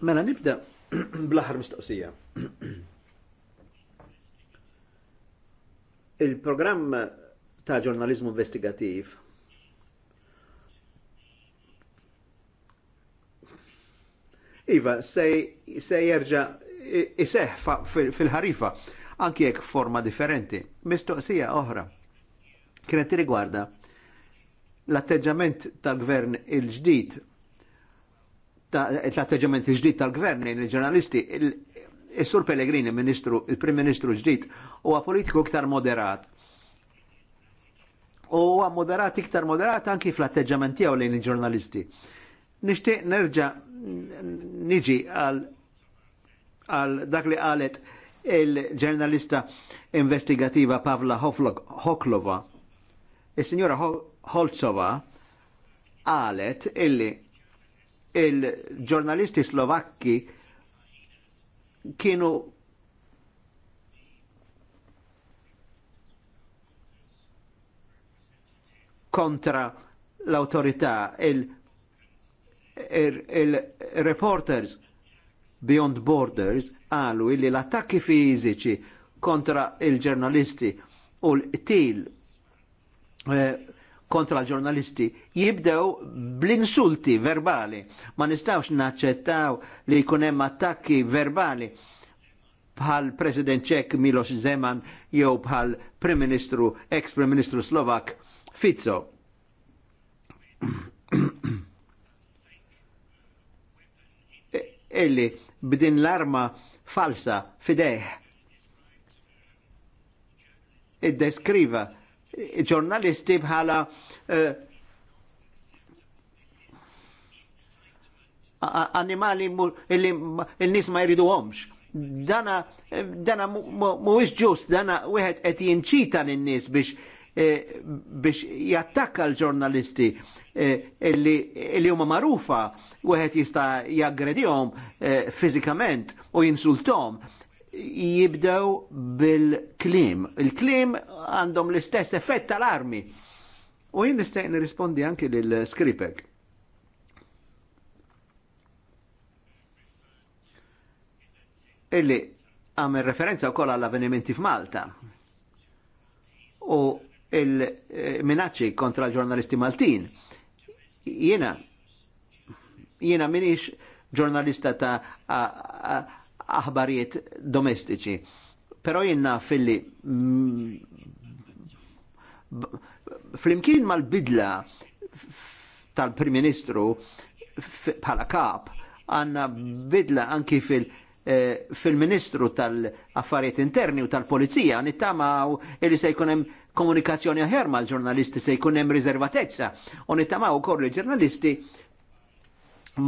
S5: Mela nibda blaħar mistoqsija. Il-programm ta' ġurnalizmu investigativ iva se jerġa iseħ fil-ħarifa, anki jekk forma differenti. Mistoqsija oħra kienet riguarda l-atteġġament tal-gvern il-ġdid l-atteġġament il-ġdid tal-gvern il-ġurnalisti il-Sur Pellegrini, Ministru, il-Prim Ministru ġdid, huwa politiku iktar moderat. U huwa moderat iktar moderat anki fl-atteġġament tiegħu lejn il-ġurnalisti. Nixtieq nerġa' niġi għal għal dak li għalet il-ġurnalista investigativa Pavla Hoklova. Il-Signora Holtsova għalet illi il-ġurnalisti slovakki kienu kontra l-autorità il- il-reporters Beyond Borders għalu illi l-attakki fiziċi kontra il-ġurnalisti u l-til eh, kontra l-ġurnalisti jibdew bl-insulti verbali. Ma nistawx naċċettaw li jkun attakki verbali bħal President Ċek Milos Zeman jew bħal Prim Ministru, ex-Prim Ministru Slovak Fizzo. illi b'din l-arma falsa fideħ id-deskriva ġurnalisti bħala uh, animali il-nis ma jridu għomx. Dana, dana mu ġust, dana wieħed qed jinċita lin nis biex Eh, biex jattakka l-ġurnalisti eh, li huma marufa u wieħed jista' jaggredihom eh, fiżikament u jinsultom jibdew bil-klim. Il-klim għandhom l-istess effett tal-armi. U jien nistaq nirrispondi anki lil skripek. Illi għamil referenza u koll għall-avvenimenti f'Malta. U il-minacċi kontra l-ġurnalisti Maltin. Jena, jena minix ġurnalista ta' aħbarijiet domestiċi, pero jenna fil-li flimkien mal-bidla tal-Prim Ministru bħala kap għanna bidla anki fil- eh, fil-Ministru tal-Affarijiet Interni u tal-Polizija nittamaw illi se jkun hemm komunikazzjoni aħjar mal-ġurnalisti se jkun hemm riservatezza. U nittamaw ukoll il-ġurnalisti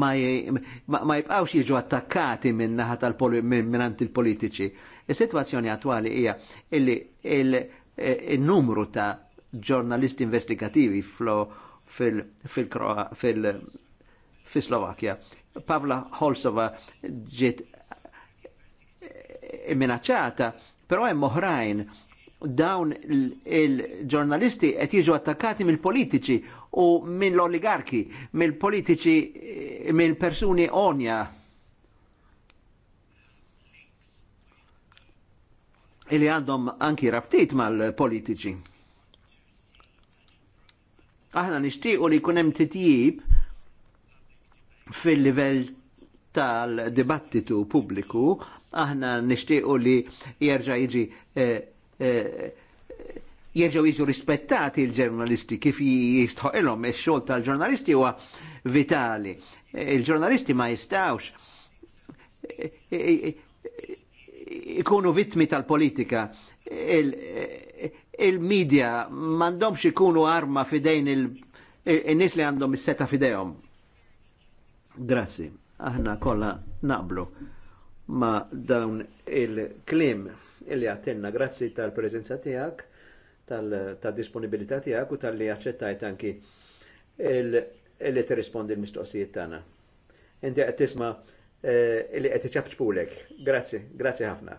S5: ma, jibqawx jiġu attakkati minn naħa tal-minant il-politiċi. Is-sitwazzjoni attwali hija illi eh, il-numru ta' ġurnalisti investigativi fil-Slovakja. Pavla Holsova ġiet eh, minaċċata, però hemm oħrajn dawn il-ġurnalisti qed jiġu attakkati mill-politiċi u mill-oligarki, mill-politiċi, eh, mill-persuni onja. Ili għandhom anki rabtit mal-politiċi. Aħna nixtiequ li jkun hemm titjib fil-livell tal-dibattitu pubbliku, aħna nixtiequ li jerġa' jiġi eh, Eh, jerġgħu jiġu rispettati il-ġurnalisti kif il-om, il xogħol tal-ġurnalisti huwa vitali. Eh, il-ġurnalisti ma jistawx eh, ikunu vittmi tal-politika. Il-medja m'għandhomx ikunu arma fidejn il nis li għandhom is-seta fidejhom. Grazzi, aħna kollha naqblu ma dawn il-klim illi għattinna. Grazzi tal-prezenza tijak, tal-disponibilità tijak u tal-li għacċettajt anki illi t-rispondi l-mistoqsijiet tana. Inti għed tisma eh, illi għed iċabċpulek. Grazzi, grazzi ħafna.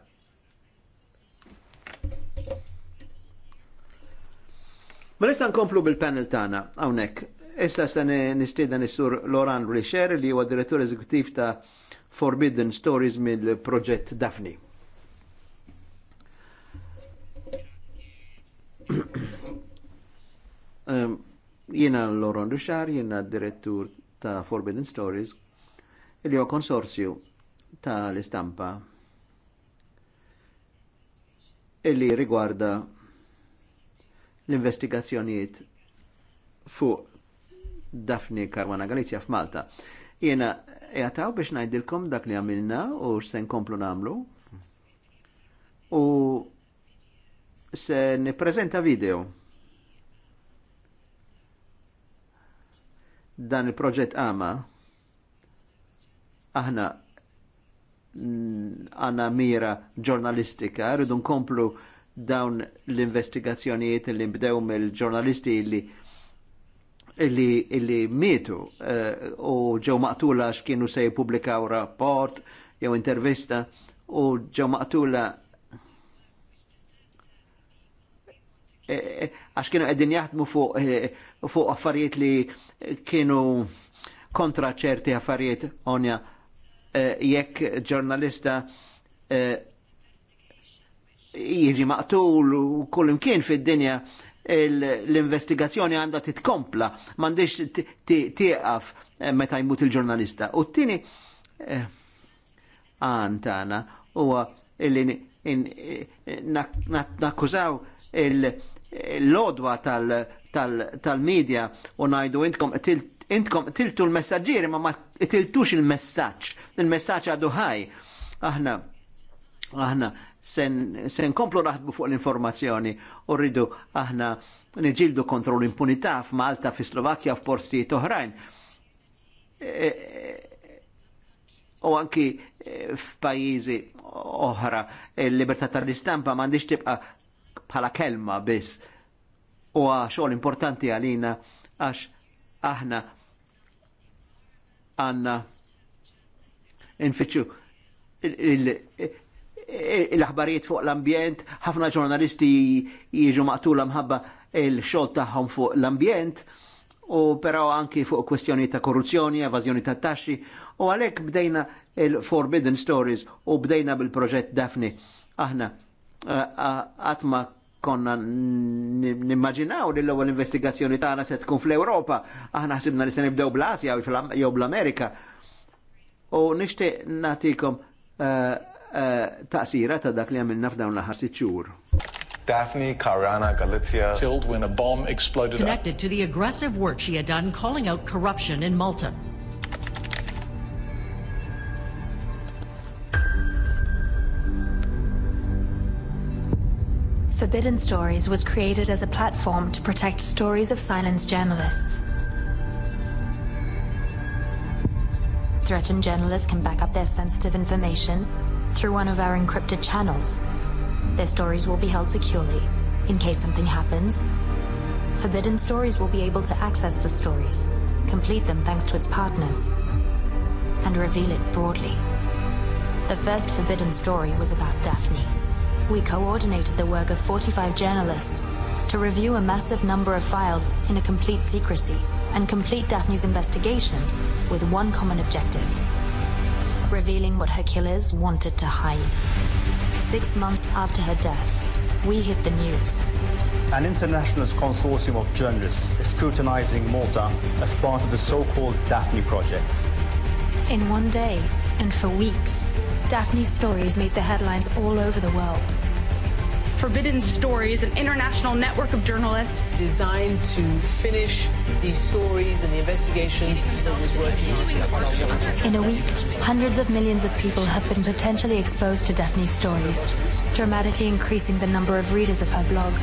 S5: Ma nista nkomplu bil-panel tana, għawnek. Issa se nistida nissur Loran Richer li huwa direttur eżekutiv ta' Forbidden Stories mill-proġett Daphne. Ehm, jiena Loron Duxar, jiena direttur ta' Forbidden Stories, il jo konsorzju ta' l-istampa illi rigwarda l-investigazzjonijiet fuq Dafni Karwana Galizja f'Malta. Jena jataw biex najdilkom dak li għamilna u sen komplu namlu. U se niprezenta video. dan il-proġett għama aħna għana mira ġurnalistika, rridu nkomplu dawn l-investigazzjonijiet li nbdew mill-ġurnalisti li illi, illi mietu uh, u ġew maqtula x'kienu se jippubblikaw rapport jew intervista u ġew maqtula eh, eh, għax kienu qegħdin jaħdmu fuq fuq affarijiet li kienu kontra ċerti affarijiet onja eh, jekk ġurnalista eh, jiġi maqtul u kull imkien fid-dinja l-investigazzjoni għandha titkompla, m'għandix tieqaf eh, meta jmut il-ġurnalista. U t-tieni eh, għantana huwa illi nakkużaw il- l-odwa tal-medja u najdu intkom intkom tiltu l messagġiri ma ma tiltux il-messagġ. Il-messagġ għadu ħaj. Aħna, aħna, sen, sen komplu naħdbu fuq l-informazzjoni u rridu aħna niġildu kontro l-impunità f'Malta, fi Slovakkja, f'porsijiet oħrajn. E, e, u anki e, f'pajjiżi oħra il-libertà tal-istampa mandiċ tibqa' bħala kelma biss. U xogħol importanti għalina għax aħna għanna infittxu l-aħbarijiet fuq l-ambjent, ħafna ġurnalisti jiġu l-amħabba il-xogħol tagħhom fuq l-ambjent, u però anki fuq kwestjoni ta' korruzzjoni, evazjoni ta' taxxi, u għalhekk bdejna il-Forbidden Stories u bdejna bil-proġett Dafni. Aħna għatma konna nimmaġinaw li l-ewwel investigazzjoni tagħna se tkun fl-Ewropa, aħna ħsibna li se nibdew bl-Asja jew bl-Amerika. U nixtieq nagħtikom eh, eh, taqsira ta' dak li għamilna f'dawn l-aħħar siċċur. Daphne Caruana Galizia killed when a
S3: bomb exploded. Connected
S1: to the aggressive work she had done calling out corruption in Malta.
S4: Forbidden Stories was created as a platform to protect stories of silenced journalists. Threatened journalists can back up their sensitive information through one of our encrypted channels. Their stories will be held securely in case something happens. Forbidden Stories will be able to access the stories, complete them thanks to its partners, and reveal it broadly. The first Forbidden Story was about Daphne we coordinated the work of 45 journalists to review a massive number of files in a complete secrecy and complete Daphne's investigations with one common objective revealing what her killers wanted to hide. Six months after her death, we hit the news.
S5: An international consortium of journalists is scrutinizing Malta as part of the so called Daphne
S2: Project.
S4: In one day, and for weeks, Daphne's stories made the headlines all over the world. Forbidden Stories, an international network of journalists
S1: designed to finish these stories and the investigations that was working on. In
S4: a week, hundreds of millions of people have been potentially exposed to Daphne's stories, dramatically increasing the number of readers of her blog.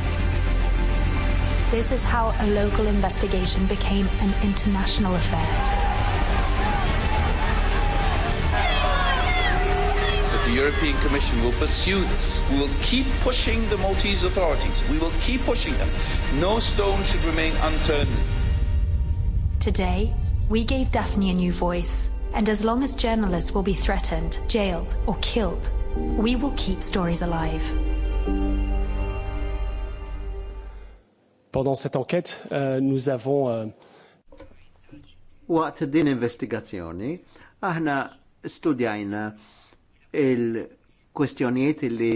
S4: This is how a local investigation became an international affair.
S3: European Commission will pursue this. We will keep pushing the Maltese authorities. We will keep pushing them.
S2: No stone should remain unturned.
S4: Today, we gave Daphne a new voice. And as long as journalists will be threatened, jailed, or killed, we will keep stories alive.
S5: Pendant cette enquête, euh, nous avons. Euh... Waqt din investigazzjoni, aħna studjajna il-kwestjonijiet li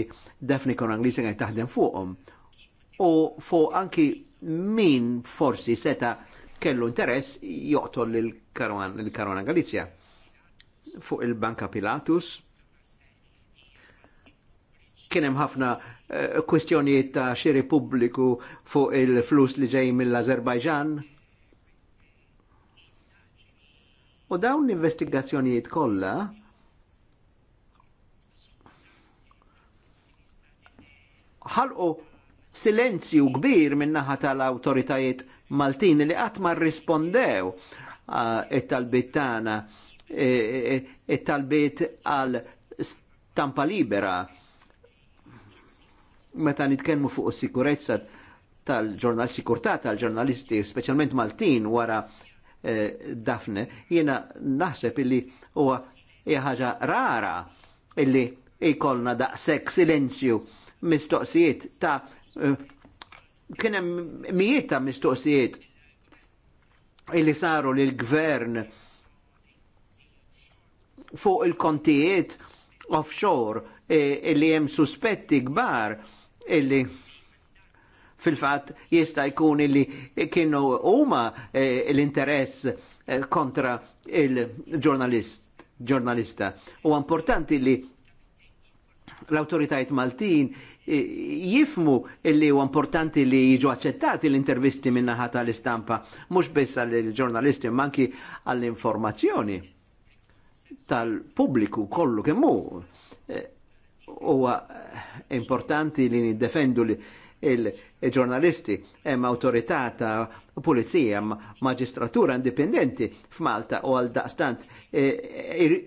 S5: Daphne kon Anglisi għaj taħdem fuqhom. U fuq anki min forsi seta kellu interess joqtol il-Karwana Galizja fuq il-Banka Pilatus. Kienem ħafna eh, kwestjonijiet ta' xiri pubbliku fuq il-flus li ġej mill-Azerbajġan. U dawn l-investigazzjonijiet kollha ħalqu silenzju kbir min-naħa tal-autoritajiet Maltin li qatt ma rrispondew uh, it-talbit tagħna e, e, it-talbit għal stampa libera meta nitkellmu fuq is-sikurezza tal-ġurnal sikurtà tal-ġurnalisti, speċjalment Maltin wara e, Dafne, jiena naħseb illi huwa ħaġa rara illi ikolna daqshekk silenzju mistoqsijiet ta' eh, kien hemm mijiet ta' mistoqsijiet illi saru lil gvern fuq il-kontijiet offshore eh, illi hemm suspetti kbar illi fil-fatt jista' jkun illi kienu huma eh, l-interess kontra il-ġurnalist ġurnalista. U importanti li l-autoritajt Maltin jifmu illi u importanti li jiġu accettati l-intervisti minnaħa tal-istampa, mux biss għall-ġurnalisti, manki għall-informazzjoni tal-pubbliku kollu kemmu. E, u importanti li niddefendu il-ġurnalisti, hemm autorità ta' pulizija maġistratura indipendenti f'Malta u għal daqstant e,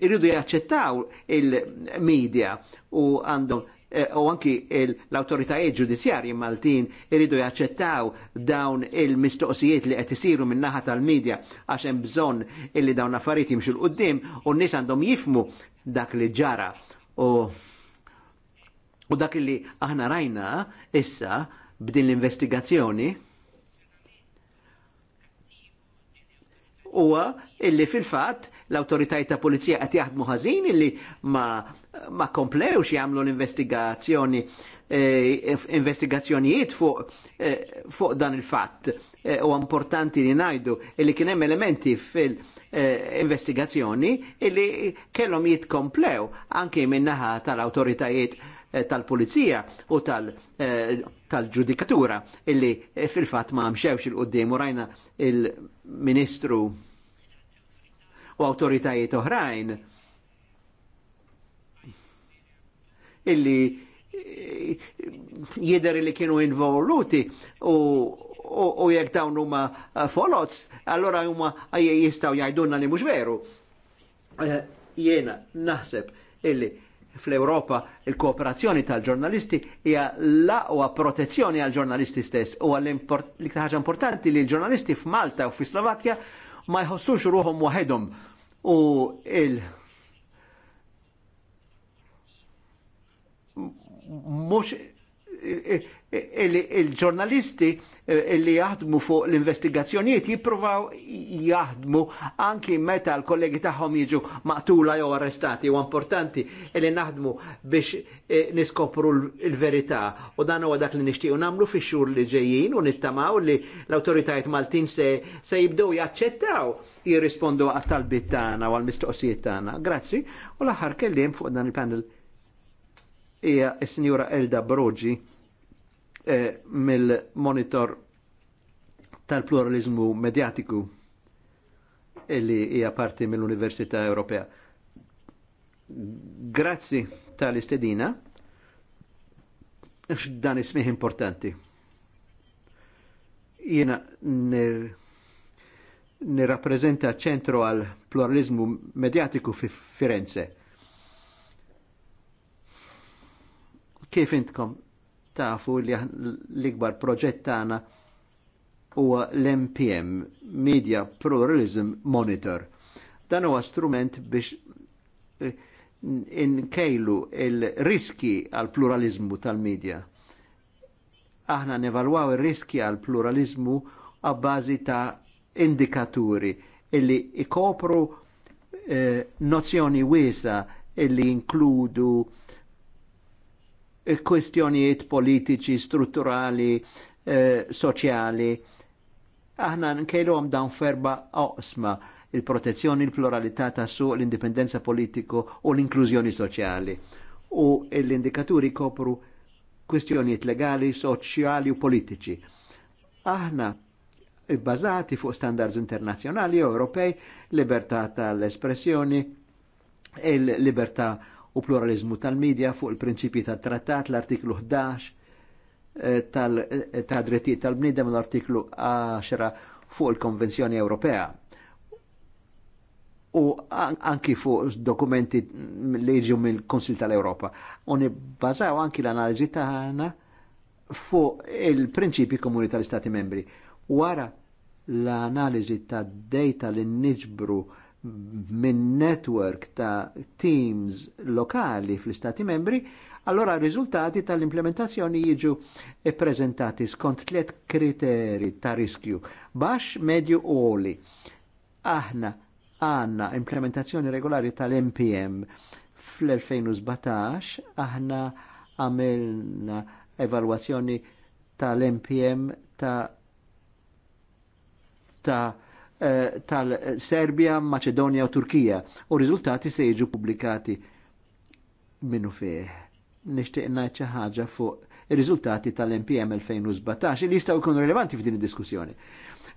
S5: irridu jaċċettaw il-medja u għandhom e, u anki l-autoritajiet ġudizzjarji Maltin irridu jaċċettaw dawn il-mistoqsijiet li qed isiru min-naħa tal-medja għax hemm bżonn illi dawn affarijiet jimxu l qudiem u n-nies għandhom jifmu dak li ġara u u dak li aħna rajna issa b'din l-investigazzjoni huwa illi fil-fatt l-autoritajiet ta' pulizija qed jaħdmu ħażin illi ma, ma komplewx jagħmlu l-investigazzjoni eh, investigazzjonijiet fuq eh, fuq dan il-fatt eh, u importanti li najdu illi kien hemm elementi fil-investigazzjoni illi kellhom jitkomplew anke min-naħa tal-awtoritajiet tal-pulizija u tal-ġudikatura illi fil-fatt ma mxewx il-qoddim u rajna il- ministru u autoritajiet oħrajn illi jider li kienu involuti u u jekk dawn huma folots, allora huma jistgħu jgħidulna li mhux veru. Eh, jiena naħseb illi fl-Europa il-kooperazzjoni tal-ġurnalisti hija l-aqwa protezzjoni għal-ġurnalisti stess u għall-iktar ħaġa importanti li l-ġurnalisti f'Malta u fi Slovakkja ma jħossux ruhom waħedhom u il mux il-ġurnalisti eh, li jaħdmu fuq l-investigazzjonijiet jippruvaw jaħdmu anki meta l-kollegi tagħhom jiġu maqtula jew arrestati. U importanti li naħdmu biex eh, niskopru l-verità. U dan huwa dak li nixtiequ nagħmlu fix-xhur li ġejjin u nittamaw li l-awtoritajiet Maltin se, se jibdew jaċċettaw jirrispondu għat talbiet tagħna u għall-mistoqsijiet tagħna. Grazzi. U l-aħħar kelliem fuq dan il-panel hija s-Sinjura Elda Broġi eh, mill-monitor tal-pluralizmu medjatiku li hija parti mill-Università Ewropea. Grazzi tal-istedina, dan ismiħ importanti. Jena nir-rapprezenta ċentru għal pluralizmu medjatiku fi Firenze Kif intkom tafu li l-ikbar proġett tagħna huwa l-MPM, Media Pluralism Monitor. Dan huwa strument biex inkejlu eh, il-riski għal pluralizmu tal-medja. Aħna nevalwaw il-riski għal pluralizmu għabbażi ta' indikaturi illi ikopru eh, nozzjoni wiesa illi inkludu kwestjonijiet politiċi, strutturali, eh, soċjali. Aħna għom dawn ferba oqsma il-protezzjoni, il-pluralità ta' su l-indipendenza politiku u l-inklużjoni soċjali. U l-indikaturi kopru kwestjonijiet legali, soċjali u politiċi. Aħna bazati fuq standards internazzjonali Ewropej, libertà tal-espressjoni, il-libertà u pluralizmu tal-medja fuq il-prinċipji tat-trattat l-artiklu 11 tal-drittijiet eh, tal eh, bnidem l-artiklu 10 fuq il-Konvenzjoni Ewropea. U anki fuq dokumenti li u mill-Konsil tal-Ewropa. U nibbażaw anki l-analiżi tagħna fuq il-prinċipji komuni tal-Istati membri. Wara l-analiżi tad-dejta li niġbru minn network ta' teams lokali fl-istati membri, allora r-riżultati tal-implementazzjoni jiġu prezentati skont tliet kriteri ta' riskju, baxx, medju u oli. Aħna għanna implementazzjoni regolari tal-MPM fl-2017, aħna għamilna evalwazzjoni tal-MPM ta' ta' Eh, tal-Serbia, Macedonia u Turkija u riżultati se jiġu pubblikati minnu fih. Nixtieq ngħid xi ħaġa fuq ir-riżultati tal-NPM 2017 li jistgħu jkunu rilevanti f'din id-diskussjoni.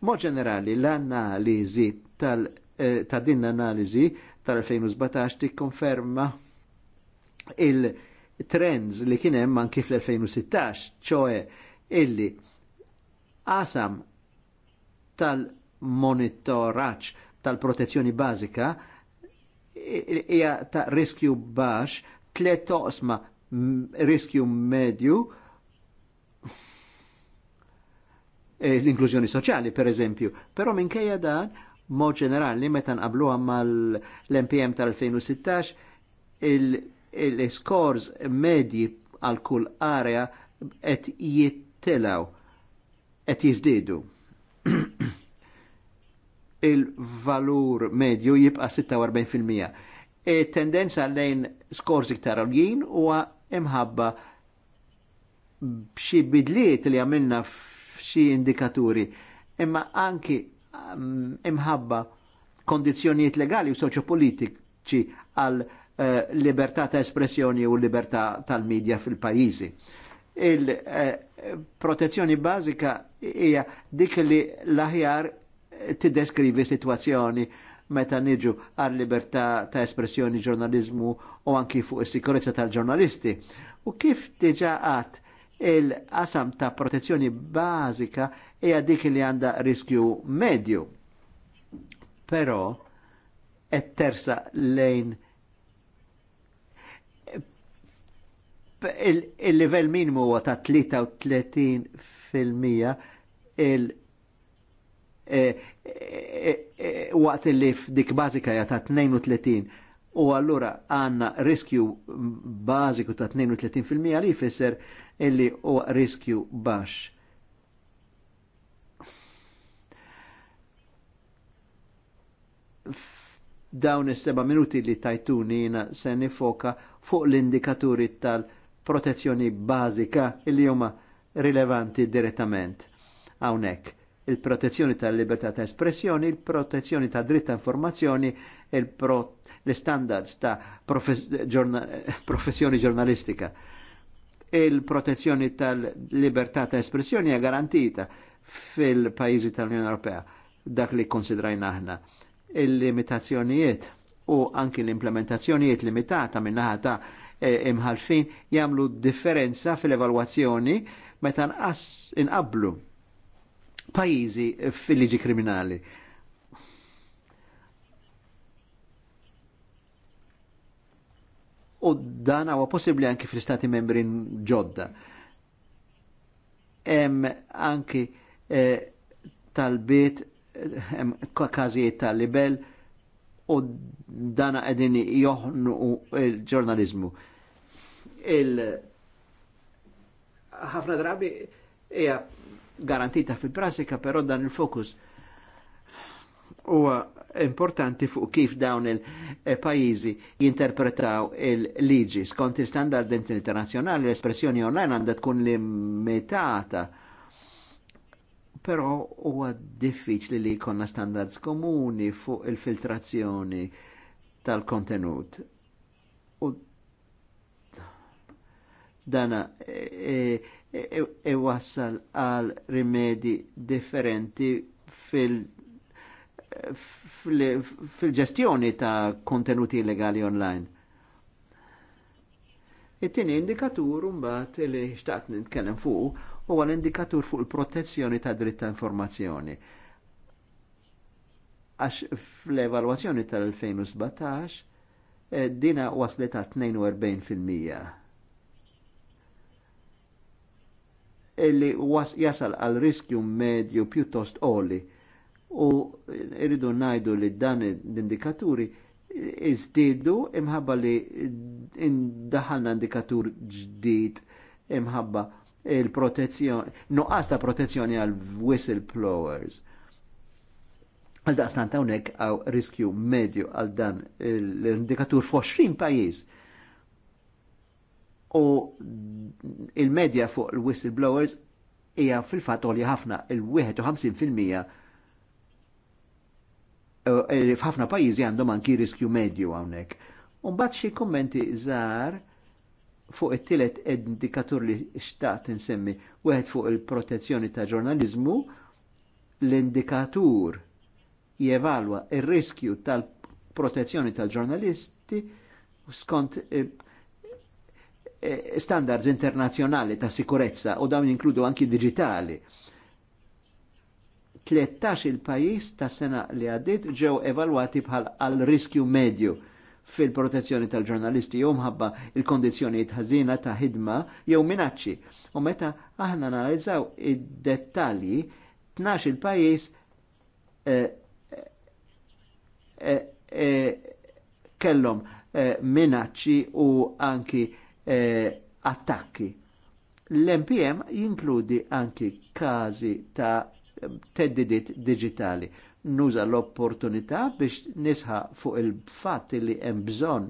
S5: Mod ġenerali, l-analiżi tal eh, din l-analiżi tal-2017 tikkonferma il-trends li kien hemm anki fl-2016, ċoe illi qasam tal- monitoraċ tal-protezzjoni bazika hija ta' riskju baħx, tlet toqsma riskju medju, e, l-inklużjoni soċjali, per eżempju. Però minkejja dan, mod ġenerali, meta nqablu mal l-NPM tal-2016, il-scores medji għal kull area qed jittilaw, qed jiżdiedu. il-valur medju jibqa 46%. Il-tendenza e lejn skorż iktar għoljien huwa imħabba b'xi bidliet li għamilna f'xi indikaturi, imma anki mm, imħabba kondizjoniet legali u soċjopolitiċi għal eh, libertà ta' espressjoni u libertà tal-medja fil-pajjiżi. Il-protezzjoni eh, bazika hija dik li l-aħjar tiddeskrivi situazzjoni meta niġu għal libertà ta' espressjoni ġurnalizmu u anki fuq is-sikurezza tal-ġurnalisti. U kif diġa għat il-qasam ta' protezzjoni bażika hija dik li għandha riskju medju. Però qed tersa lejn il-livell minimu huwa ta' 33 fil-mija il waqt li f'dik bażika hija ta' 32 u allura għanna riskju bażiku ta' 32% li jfisser illi huwa riskju baxx. dawn is-seba' minuti li tajtuni jina se nifoka fuq l-indikaturi tal-protezzjoni bażika li huma rilevanti direttament hawnhekk il-protezzjoni tal-libertà ta' espressjoni, il-protezzjoni ta' Dritt ta' informazzjoni, l-standards ta' professjoni ġurnalistika. Il-protezzjoni tal-libertà ta' espressjoni hija garantita fil-pajjiżi tal-Unjoni Ewropea dak li konsidrajna aħna. Il-limitazzjonijiet u anki l-implementazzjonijiet limitata minnaħa ta' e- imħalfin jagħmlu differenza fil-evalwazzjoni meta inqablu pajizi fil-liġi kriminali. U dan huwa possibli anki fl-istati membri ġodda. Hemm anki eh, tal-bit hemm każijiet tal-libel u dan qegħdin joħnu il ġurnalizmu Il ħafna drabi hija garantita fil-prasika, però dan il-fokus huwa importanti fuq kif dawn il-pajizi eh, jinterpretaw il-liġi. Skont il-standard internazjonali, l-espressjoni online għandha tkun limitata. Però huwa diffiċli li jkollna standards komuni fuq il-filtrazzjoni tal-kontenut. U dana e, eh, e, eh, e, wassal għal rimedi differenti fil- fil-ġestjoni ta' kontenuti illegali online. It-tieni indikatur mbagħad li xtaqt nitkellem fuq huwa l-indikatur fuq il-protezzjoni ta' dritt ta' informazzjoni. Għax fl-evalwazzjoni tal-2017 eh, dina waslet ta' 42%. illi jasal għal riskju medju pjuttost oli. U irridu najdu li dan l-indikaturi iżdiedu imħabba li indaħalna indikatur ġdid imħabba il-protezzjoni, nuqqas ta' protezzjoni għal whistleblowers. Għal daqstan ta' unek għaw riskju medju għal dan l-indikatur f'20 pajis u il-medja fuq il-whistleblowers hija fil-fatt li ħafna il-51% eh, eh, f'ħafna pajjiżi għandhom anki riskju medju hawnhekk. Umbagħad xi kummenti żgħar fuq it-tielet indikatur li xtaqt insemmi, wieħed fuq il-protezzjoni ta' ġurnaliżmu, l-indikatur jevalwa il riskju tal-protezzjoni tal-ġurnalisti skont eh, Eh, standards internazzjonali ta' sikurezza u dawn jinkludu anki digitali. 13 il-pajis ta' sena li għaddit ġew evalwati bħal għal riskju medju fil-protezzjoni tal-ġurnalisti jew mħabba il-kondizjonijiet ħażina ta' ħidma jew minacċi. U meta aħna analizzaw id-dettalji, 12 il-pajis eh, eh, kellhom minacċi u anki eh, attakki. L-MPM jinkludi anki kazi ta' teddidit digitali. Nuża l-opportunità biex nisħa fuq il-fatt li hemm bżonn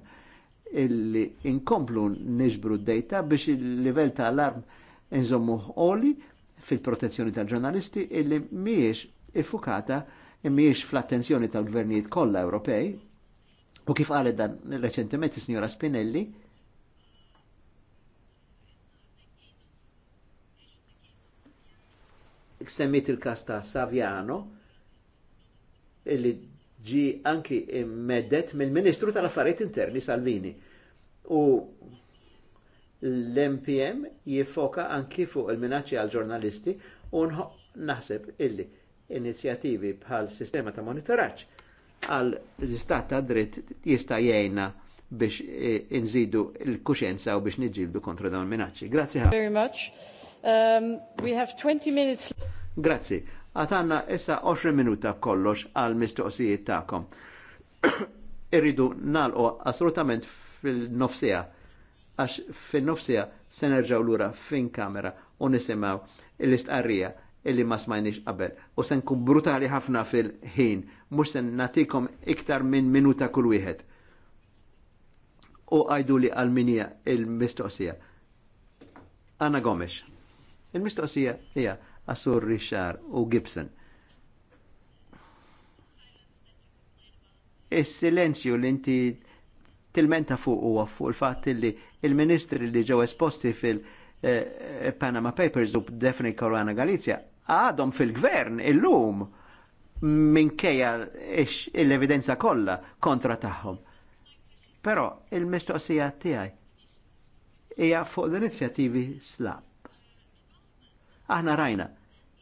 S5: illi inkomplu niġbru d-dejta biex il-livell ta' alarm nżommu oli fil-protezzjoni tal-ġurnalisti illi miex iffukata miex fl-attenzjoni tal-gvernijiet kollha Ewropej u kif qalet dan reċentement is Signora Spinelli semmit il-kas ta' Savjano, illi ġi anki meddet mill-Ministru tal-Affarijiet Interni Salvini. U l-MPM jifoka anki fuq il-minacċi għal ġurnalisti u naħseb illi inizjativi bħal sistema ta' monitoraċ għal l-istat ta' dritt jista' jgħinna biex e, inżidu l-kuxenza u biex niġġieldu kontra dawn minacċi. Grazie. Very much. Um, we have 20 minutes. Grazzi. Għatanna issa 20 minuta kollox għal mistoqsijiet ta'kom. Irridu nalqo assolutament fil-nofsija, għax fil-nofsija se nerġaw lura fin kamera u nisimaw l-istqarrija illi ma smajniex qabel. U se nkun brutali ħafna fil-ħin, mux se natikom iktar minn minuta kull wieħed. U għajdu li għal-minija il-mistoqsija. Anna Gomes. Il-mistoqsija hija A'Sur Richard u Gibson. Is-silenzju li inti tilmenta fuq u fuq il-fatt li il-ministri li ġew esposti fil-Panama eh, Papers u Daphne Caruana Galizja għadhom fil-gvern illum minkejja l-evidenza kollha kontra tagħhom. Però il-mistoqsija tiegħi hija fuq l-inizjattivi slab. Aħna rajna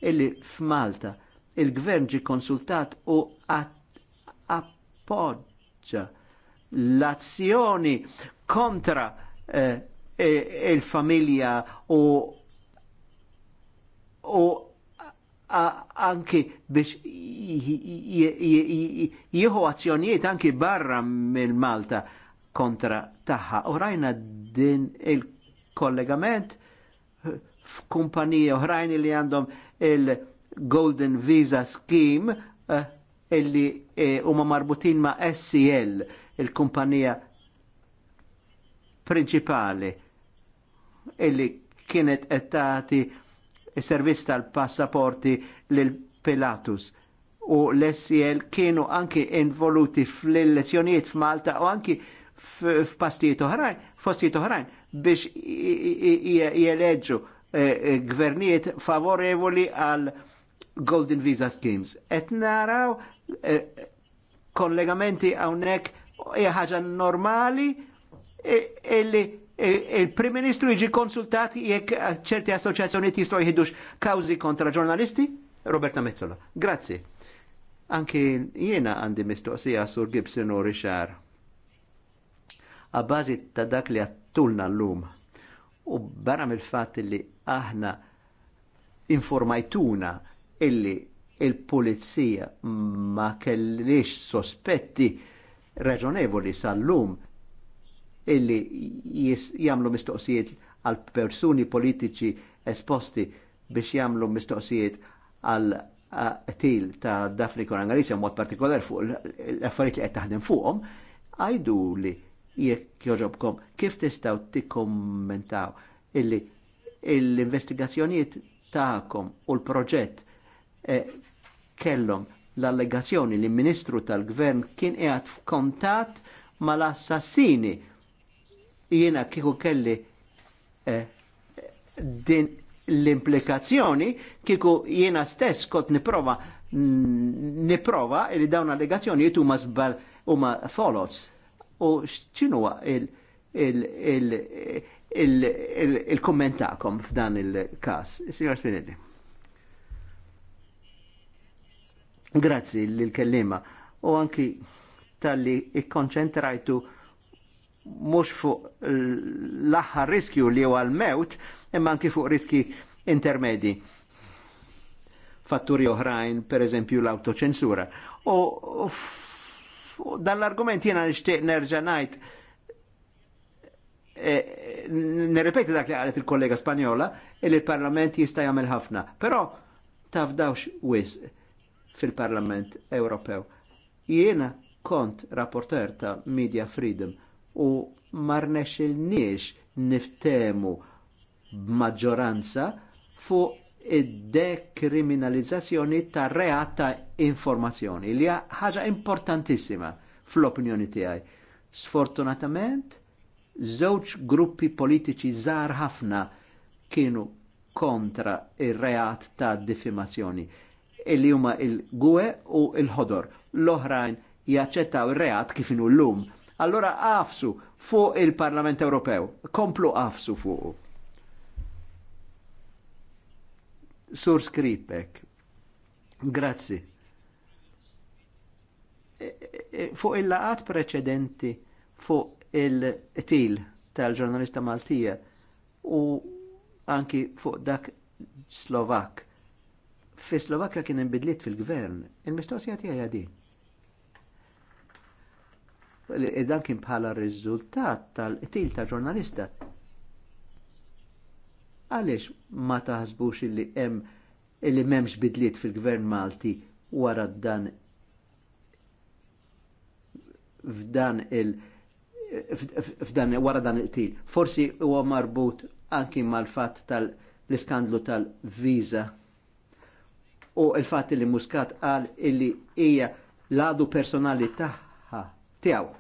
S5: illi f'Malta il-gvern ġi konsultat u appoġġa l-azzjoni kontra eh, eh il-familja u u anki biex jieħu azzjonijiet anki barra mill Malta kontra taħħa. U rajna din il-kollegament f'kumpaniji oħrajn li għandhom il-Golden Visa Scheme illi huma marbutin ma' SCL, il-kumpanija Principali illi kienet ettati servizz tal-passaporti lil Pilatus u l-SCL kienu anki involuti fl-elezzjonijiet f'Malta u anki f'pastijiet oħrajn, fostijiet oħrajn biex jeleġġu E, e, gvernijiet favorevoli għal Golden Visa Schemes. Et naraw e, kollegamenti għawnek ħaġa normali illi il-Prim Ministru jiġi konsultat jekk ċerti assoċjazzjoniet jistgħu jħidux kawżi kontra ġurnalisti? Roberta Mezzola. Grazzi. Anki jiena għandi mistoqsija sur Gibson u Rixar. Għabbażi ta' dak li għattulna l-lum u barra mill-fat li aħna informajtuna illi il-pulizija ma kellix sospetti raġonevoli sal-lum illi jamlu mistoqsijiet għal persuni politiċi esposti biex jamlu mistoqsijiet għal til ta' Dafni Korangalisi mod partikolar fuq l-affarijiet li qed taħdem fuqhom, għajdu li jekk joġobkom kif tistgħu tikkommentaw illi l-investigazzjonijiet ta'kom u l-proġett eh, kellhom l-allegazzjoni li ministru tal-gvern kien qiegħed f'kontat mal-assassini jiena kieku kelli eh, din l-implikazzjoni kieku jiena stess kont niprova niprova li dawn allegazzjoni jitu ma zbal u ma folots u xċinuwa il, il, il, il-kommentakom f'dan il-kas. Signor Spinelli. Grazzi l-kellima u anki tal-li ikkonċentrajtu mux fuq l-aħħar riskju li huwa l-mewt, imma anki fuq riski intermedi. Fatturi oħrajn, per eżempju, l-autoċensura. U dan l-argument jena nishtiq nerġa' ngħid E, nirrepeti dak li għalet il-kollega Spanjola, li il-Parlament jista' jagħmel ħafna. Però tafdawx wis fil-Parlament Ewropew. Jiena kont rapporter ta' Media Freedom u marnex il-niex niftemu b'maġġoranza fuq id-dekriminalizzazzjoni ta' reat ta' informazzjoni li ħaġa importantissima fl-opinjoni tiegħi. Sfortunatament, żewġ gruppi politiċi żgħar ħafna kienu kontra ir-reat ta' diffimazzjoni illi huma il-gwe u il-ħodor. L-oħrajn jaċċettaw ir-reat kif inhu llum. Allora qafsu fuq il-Parlament Ewropew, komplu qafsu fuq. Sur skripek. Grazzi. E, e, e, fuq il-laqat preċedenti fuq il-til tal-ġurnalista Maltija u anki fuq dak Slovak. Fi Slovakka kien imbidlit fil-gvern, il-mistoqsija tiegħi din e Dan kien bħala riżultat tal til tal ġurnalista. Għaliex ma taħsbux illi hemm illi m'hemmx bidliet fil-gvern Malti wara dan f'dan il- f'dan wara dan il til Forsi huwa marbut anki mal-fatt tal-iskandlu tal viza u il fat li Muscat qal illi hija ladu personali tagħha tiegħu.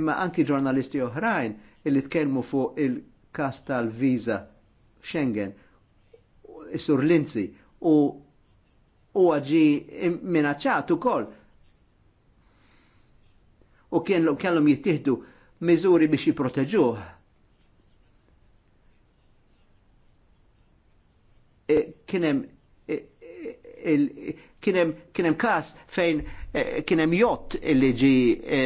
S5: Imma anki ġurnalisti oħrajn illi tkellmu fuq il-kas tal viza Schengen, Sur Linzi u u għagġi minnaċċat ukoll u kienlom kellhom jittieħdu miżuri biex jipproteġuh. Kien kienem e, e, kienem kienem kas fejn e, kienem jott li ġi e,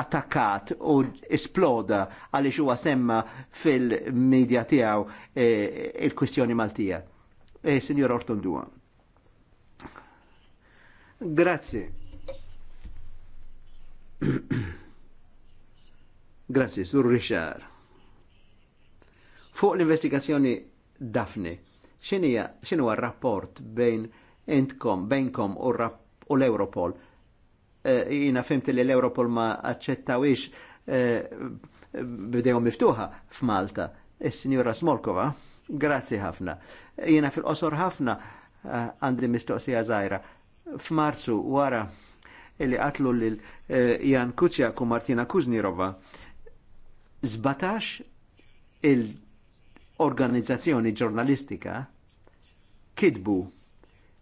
S5: attakkat u esploda għaliex huwa semma fil-medja tiegħu e, il-kwistjoni Maltija. Signor Ortondua. Grazie. Grazie, sur Richard. Fuq l-investigazzjoni Daphne, xinija, xinu rapport bejn entkom, bejnkom u, u l-Europol? E, jina li l-Europol ma accettawix e, eh, bidejom miftuħa f'Malta. is signora Smolkova, grazzi ħafna. Jina fil-qosor ħafna eh, għandi mistoqsija zaħira. F'Marzu, wara illi qatlu lil eh, Jan Kuċjak u Martina Kuznirova. 17 il-organizzazzjoni ġurnalistika kidbu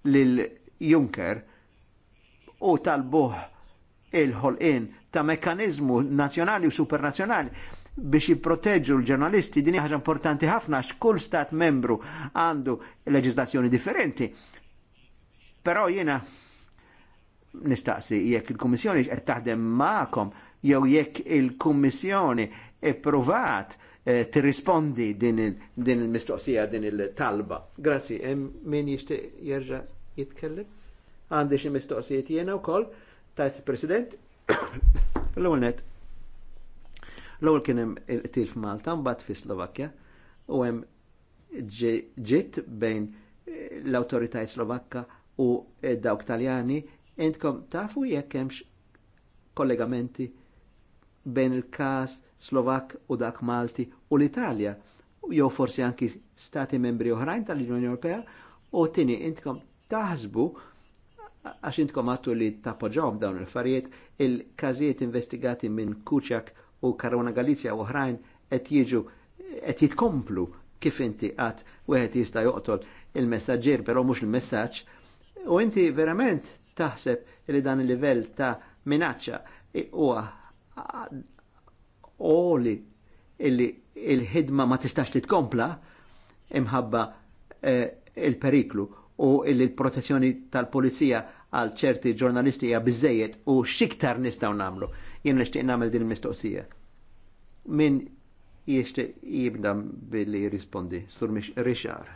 S5: lil Juncker u talbuh il-ħolqin ta' mekanizmu nazjonali u supernazjonali biex jipproteġu l-ġurnalisti din ħaġa importanti ħafna għax kull stat membru għandu leġislazzjoni differenti. Però jiena nistaqsi jekk il-Kummissjoni qed taħdem magħkom jew jekk il-Kummissjoni ipprovat eh, tirrispondi din il-mistoqsija, din il-talba. Grazzi, min jixtieq jerġa' jitkellem? Għandi xi mistoqsijiet jiena wkoll tajt il-President. L-ewwel net. L-ewwel kien hemm il tilf Malta mbagħad fi Slovakkja u hemm ġiet bejn eh, l-awtoritajiet Slovakka u eh, dawk Taljani Entkom tafu jekk hemmx kollegamenti bejn il-każ Slovak u dak Malti u l-Italja, jew forsi anki stati membri oħrajn tal-Unjoni Ewropea, u tini intkom taħsbu għax intkom għattu li tappoġawm dawn il-farijiet, il-każijiet investigati minn Kuċak u Karona Galizja u oħrajn qed jiġu qed jitkomplu kif inti qatt wieħed jista' joqtol il-messaġġier però mhux il-messaġġ u inti verament taħseb li dan il-livell ta' minaccia huwa oli illi il-ħidma ma tistax titkompla imħabba eh, il-periklu u illi l-protezzjoni tal-pulizija għal ċerti ġurnalisti hija biżejjed u xiktar nistgħu nagħmlu. Jien nixtieq nagħmel din il-mistoqsija. Min jixtieq jibda billi jirrispondi, Sur Rixar.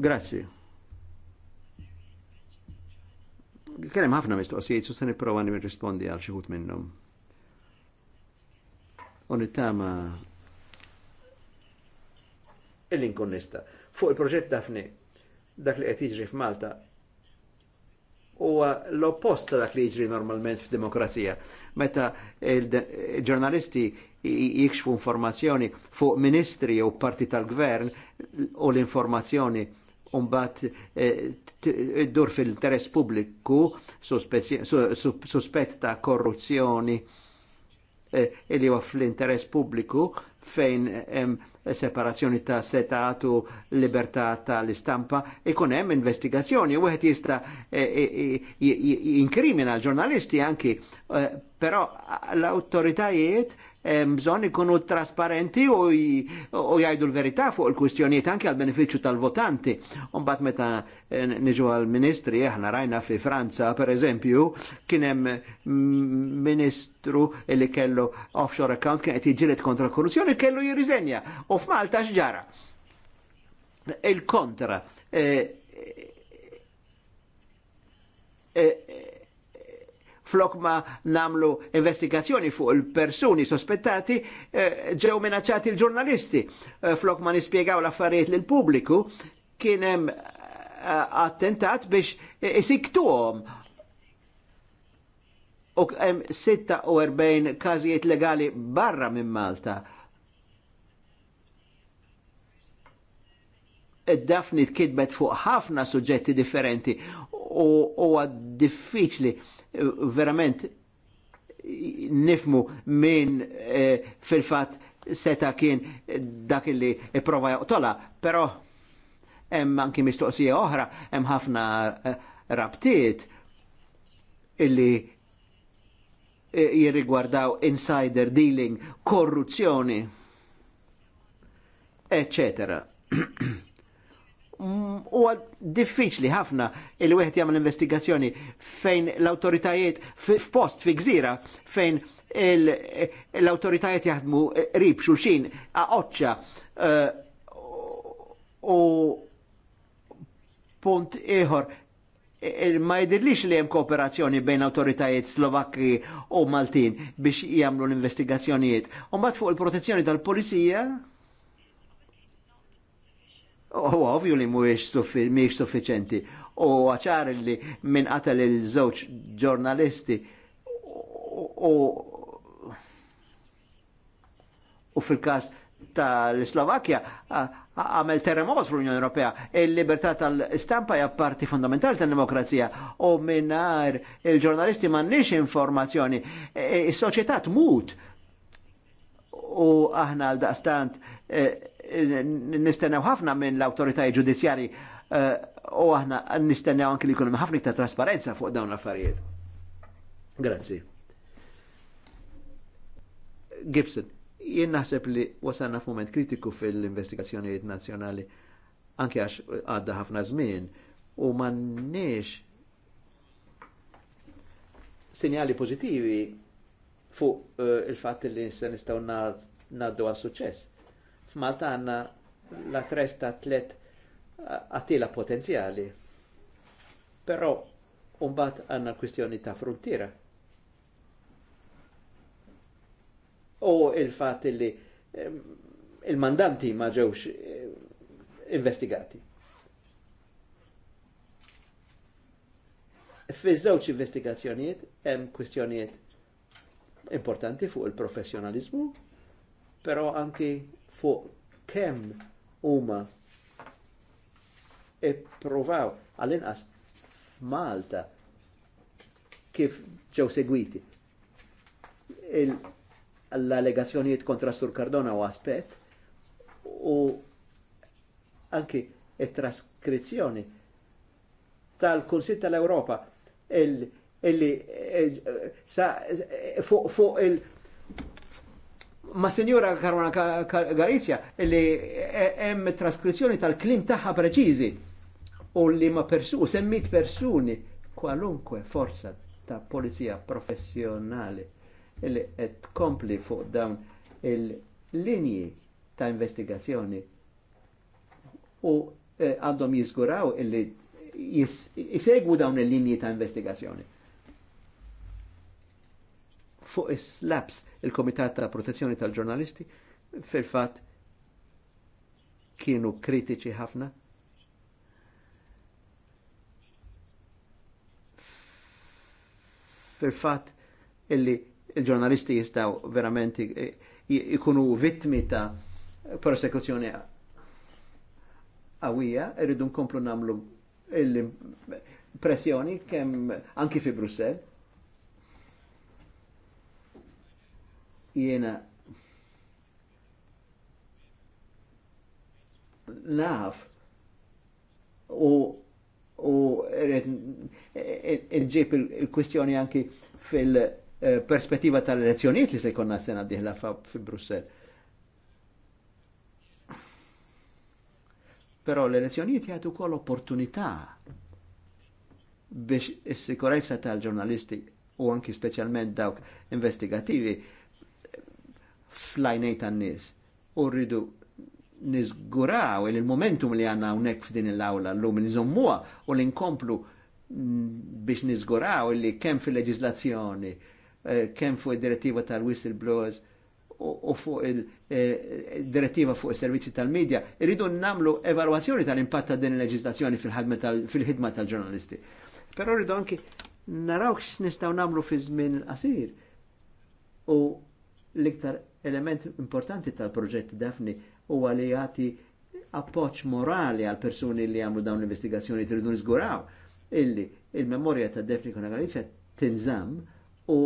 S5: Grazie. Kellem ħafna mistoqsijiet, su se nipprova rispondi għal xi ħut minnhom. Onittama il inkunnista Fuq il-proġett Dafni, dak li qed jiġri f'Malta, u l-oppost dak li jiġri normalment f'demokrazija. Meta il-ġurnalisti jikxfu informazzjoni fuq ministri u parti tal-gvern u l-informazzjoni umbat eh, id-dur fil-interess pubbliku suspett ta' korruzzjoni illi eh, huwa fl-interess pubbliku fejn hemm separazzjoni ta' setatu libertà ta' l istampa ikun hemm investigazzjoni u wieħed jista' eh, inkrimina l-ġurnalisti anki però l-awtoritajiet bżon ikunu trasparenti u jgħidu l-verità fuq il kustjoniet anke għal beneficju tal-votanti. Umbat meta eh, niġu għal-ministri, aħna rajna fi Franza, per eżempju, kienem ministru li kellu offshore account kien qed jiġilet kontra korruzzjoni kellu jirriżenja. U f'Malta x'ġara. Il-kontra. Eh, eh, flok ma namlu investigazzjoni fuq il-persuni sospettati eh, ġew minacċati il-ġurnalisti. Eh, flok ma nispiegaw l-affarijiet lil pubbliku kien hemm eh, attentat biex isiktuhom. U hemm 46 każijiet legali barra minn Malta Daphne tkidbet fuq ħafna suġġetti differenti u għad diffiċli eh, verament nifmu minn eh, fil-fat seta kien dak li prova jaqtola, pero hemm anki mistoqsija oħra, hemm ħafna eh, rabtiet illi jirrigwardaw insider dealing, korruzzjoni, eccetera. Mm, u diffiċli ħafna il wieħed jagħmel investigazzjoni fejn l-awtoritajiet f'post fi gżira fejn l-awtoritajiet jaħdmu rib xulxin għoċċa uh, u punt ieħor ma jidirlix li hemm kooperazzjoni bejn autoritajiet Slovakki u Maltin biex jagħmlu l-investigazzjonijiet. U mbagħad fuq il-protezzjoni tal-pulizija, U ovvju li mhuwiex suffiċenti. U għaċar li minn qatel il-żewġ ġurnalisti u u fil-kas l slovakkja għamel terremot fl-Unjoni Ewropea. Il-libertà tal-istampa hija parti fondamentali tal-demokrazija u minnar il-ġurnalisti m'għandniex informazzjoni. Is-soċjetà e, e, tmut u aħna għal daqstant eh, nistennew ħafna minn l-autoritajiet ġudizzjari eh, u aħna nistennew anki li jkun ħafna iktar trasparenza fuq dawn l-affarijiet. Grazzi. Gibson, jien naħseb li wasalna f'moment kritiku fil-investigazzjonijiet nazzjonali anke għax għadda ħafna żmien u m'għandniex sinjali pożittivi fuq eh, il-fatt li se nistgħu ngħaddu għas-suċċess F'Malta għanna la tresta tlet għatila potenzjali. Però umbat għanna kwistjoni ta' frontiera. U il-fat li il-mandanti ma ġewx eh, investigati. Fiż-żewġ investigazzjonijiet hemm kwistjonijiet importanti fuq il-professjonalizmu, però anki fuq kemm huma ippruvaw għall-inqas Malta kif ġew segwiti. L-allegazzjonijiet kontra Sur Cardona u aspet u anki it-traskrizzjoni tal kunsil tal-Europa illi fuq il ma' Senjora Karwana Galizja li hemm traskrizzjoni tal-klim tagħha preċiżi u li ma' persu semmit persuni kwalunkwe forza ta' polizija professjonali li qed kompli fuq dawn il-linji ta' investigazzjoni u eh, għandhom jizguraw il-li jisegwu dawn il-linji ta' investigazzjoni fuq is-slaps il-Komitat ta' Protezzjoni tal-Ġurnalisti fil-fatt kienu kritiċi ħafna fil-fatt illi il-ġurnalisti jistaw verament ikunu vittmi ta' persekuzzjoni għawija, irridu nkomplu namlu pressjoni kemm anki fi Brussel Jena naf u u nġib il-kwistjoni anki fil-perspettiva tal-elezzjoniet li se jkonna s-sena diħla fil Brussel. Però l-elezzjoniet jgħatu kol opportunità biex is-sikurezza tal-ġurnalisti u anki specialment dawk investigativi flajnej tan-nies. U rridu nizguraw il-momentum li għanna unnek f'din il-awla l-lum li zommuwa u li nkomplu mm, biex nizguraw li kem fil-leġizlazzjoni, eh, kem fuq id-direttiva tal-whistleblowers u fuq il-direttiva eh, fuq il-servizzi tal-medja, irridu namlu evalwazzjoni tal-impatt ta' din il-leġizlazzjoni fil-ħidma tal-ġurnalisti. Però rridu anki naraw x'nistgħu namlu fi żmien qasir u l-iktar Element importanti tal-proġett Daphne huwa li jagħti appoċ morali għal persuni li għamlu dawn l-investigazzjoni tridu nżguraw illi il-memorja ta' Daphne kuna Galizja tinżam u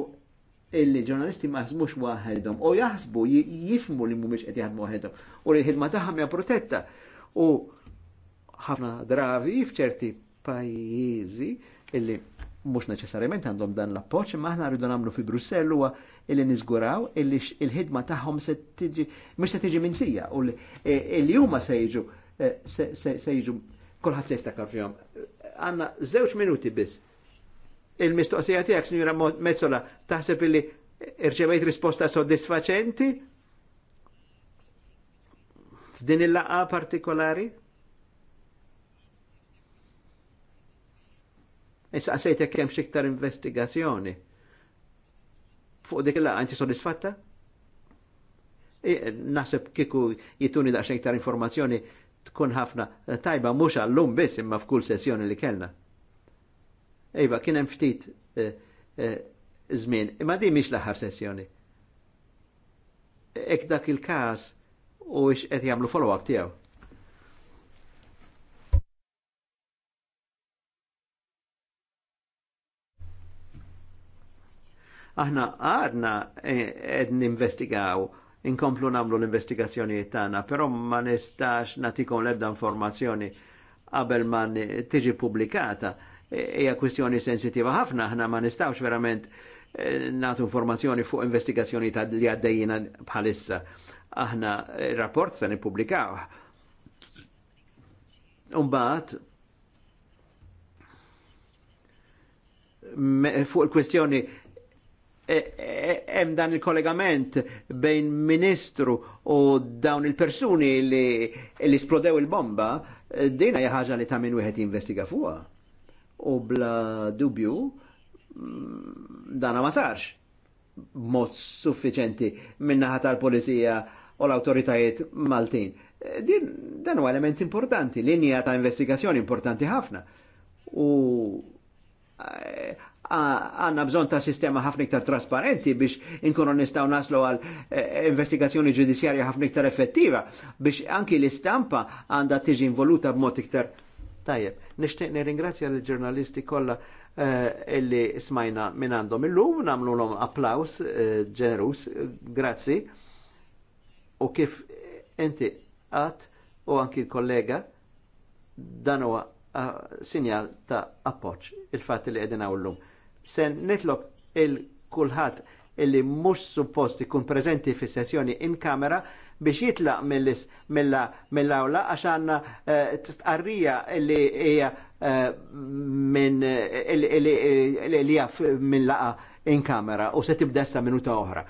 S5: illi ġurnalisti ma jaħsbux waħedhom u jaħsbu jifmu li mhumiex qed jaħdmu waħedhom u li l-ħidma tagħhom hija protetta. U ħafna dravi f'ċerti pajjiżi illi mhux neċessarjament għandhom dan l appoċ ma aħna rridu nagħmlu fi Brussell huwa illi niżguraw illi il-ħidma tagħhom se tiġi mhux se tiġi sija u li e, huma se jiġu e, se jiġu kulħadd se jiftakar fihom. Għandna żewġ minuti biss. Il-mistoqsija tiegħek, Sinjura Mezzola, taħseb illi irċevejt risposta sodisfaċenti f'din il laqgħa partikolari? Issa għasajtek kem xiktar investigazzjoni fuq dik il-laqa inti soddisfatta? E, naħseb kiku jituni daqsxejn iktar informazzjoni tkun ħafna tajba mhux għallum biss imma f'kull sessjoni li kellna. Iva, kien hemm ftit e, e, żmien, imma din mhix l-aħħar sessjoni. Ek dak il-każ u x qed jagħmlu follow-up tiegħu. Aħna għadna investigaw eh, ninvestigaw inkomplu namlu l investigazzjoni tagħna, però ma nistax natikon l informazzjoni qabel ma tiġi pubblikata. E, hija kwistjoni sensitiva ħafna, aħna ma nistax verament eh, natu informazzjoni fuq investigazzjoni ta' li għaddejjina bħalissa. Aħna eh, rapport se nippubblikaw. Umbat, fuq il-kwestjoni E, e, hemm dan il-kollegament bejn ministru u dawn il-persuni li l-isplodew il-bomba, e, dina hija ħaġa li ta' min wieħed jinvestiga fuqha. U bla dubju mm, dana ma sarx mod suffiċenti minnaħa tal-polizija u l-autoritajiet Maltin. Din dan huwa element importanti, linja ta' investigazzjoni importanti ħafna. U għanna bżon ta' sistema ħafna iktar trasparenti biex inkunu nistaw naslu għal eh, eh, investigazzjoni ġudizjarja ħafna iktar effettiva biex anki l-istampa għanda tiġi involuta b'mod iktar tajjeb. Nishtiq nirringrazzja l-ġurnalisti kollha eh, illi smajna minn għandhom illum namlu l applaus ġenerus, grazzi. U kif inti għat u anki l-kollega dan huwa sinjal ta' appoġġ il fat li qegħdin hawn sen nitlob il kulħat illi mux suppost ikun prezenti fi sessjoni in kamera biex jitlaq mill-awla għax t eh, tistqarrija illi hija eh, minn hija minn laqa in kamera u se tibda sa minuta oħra.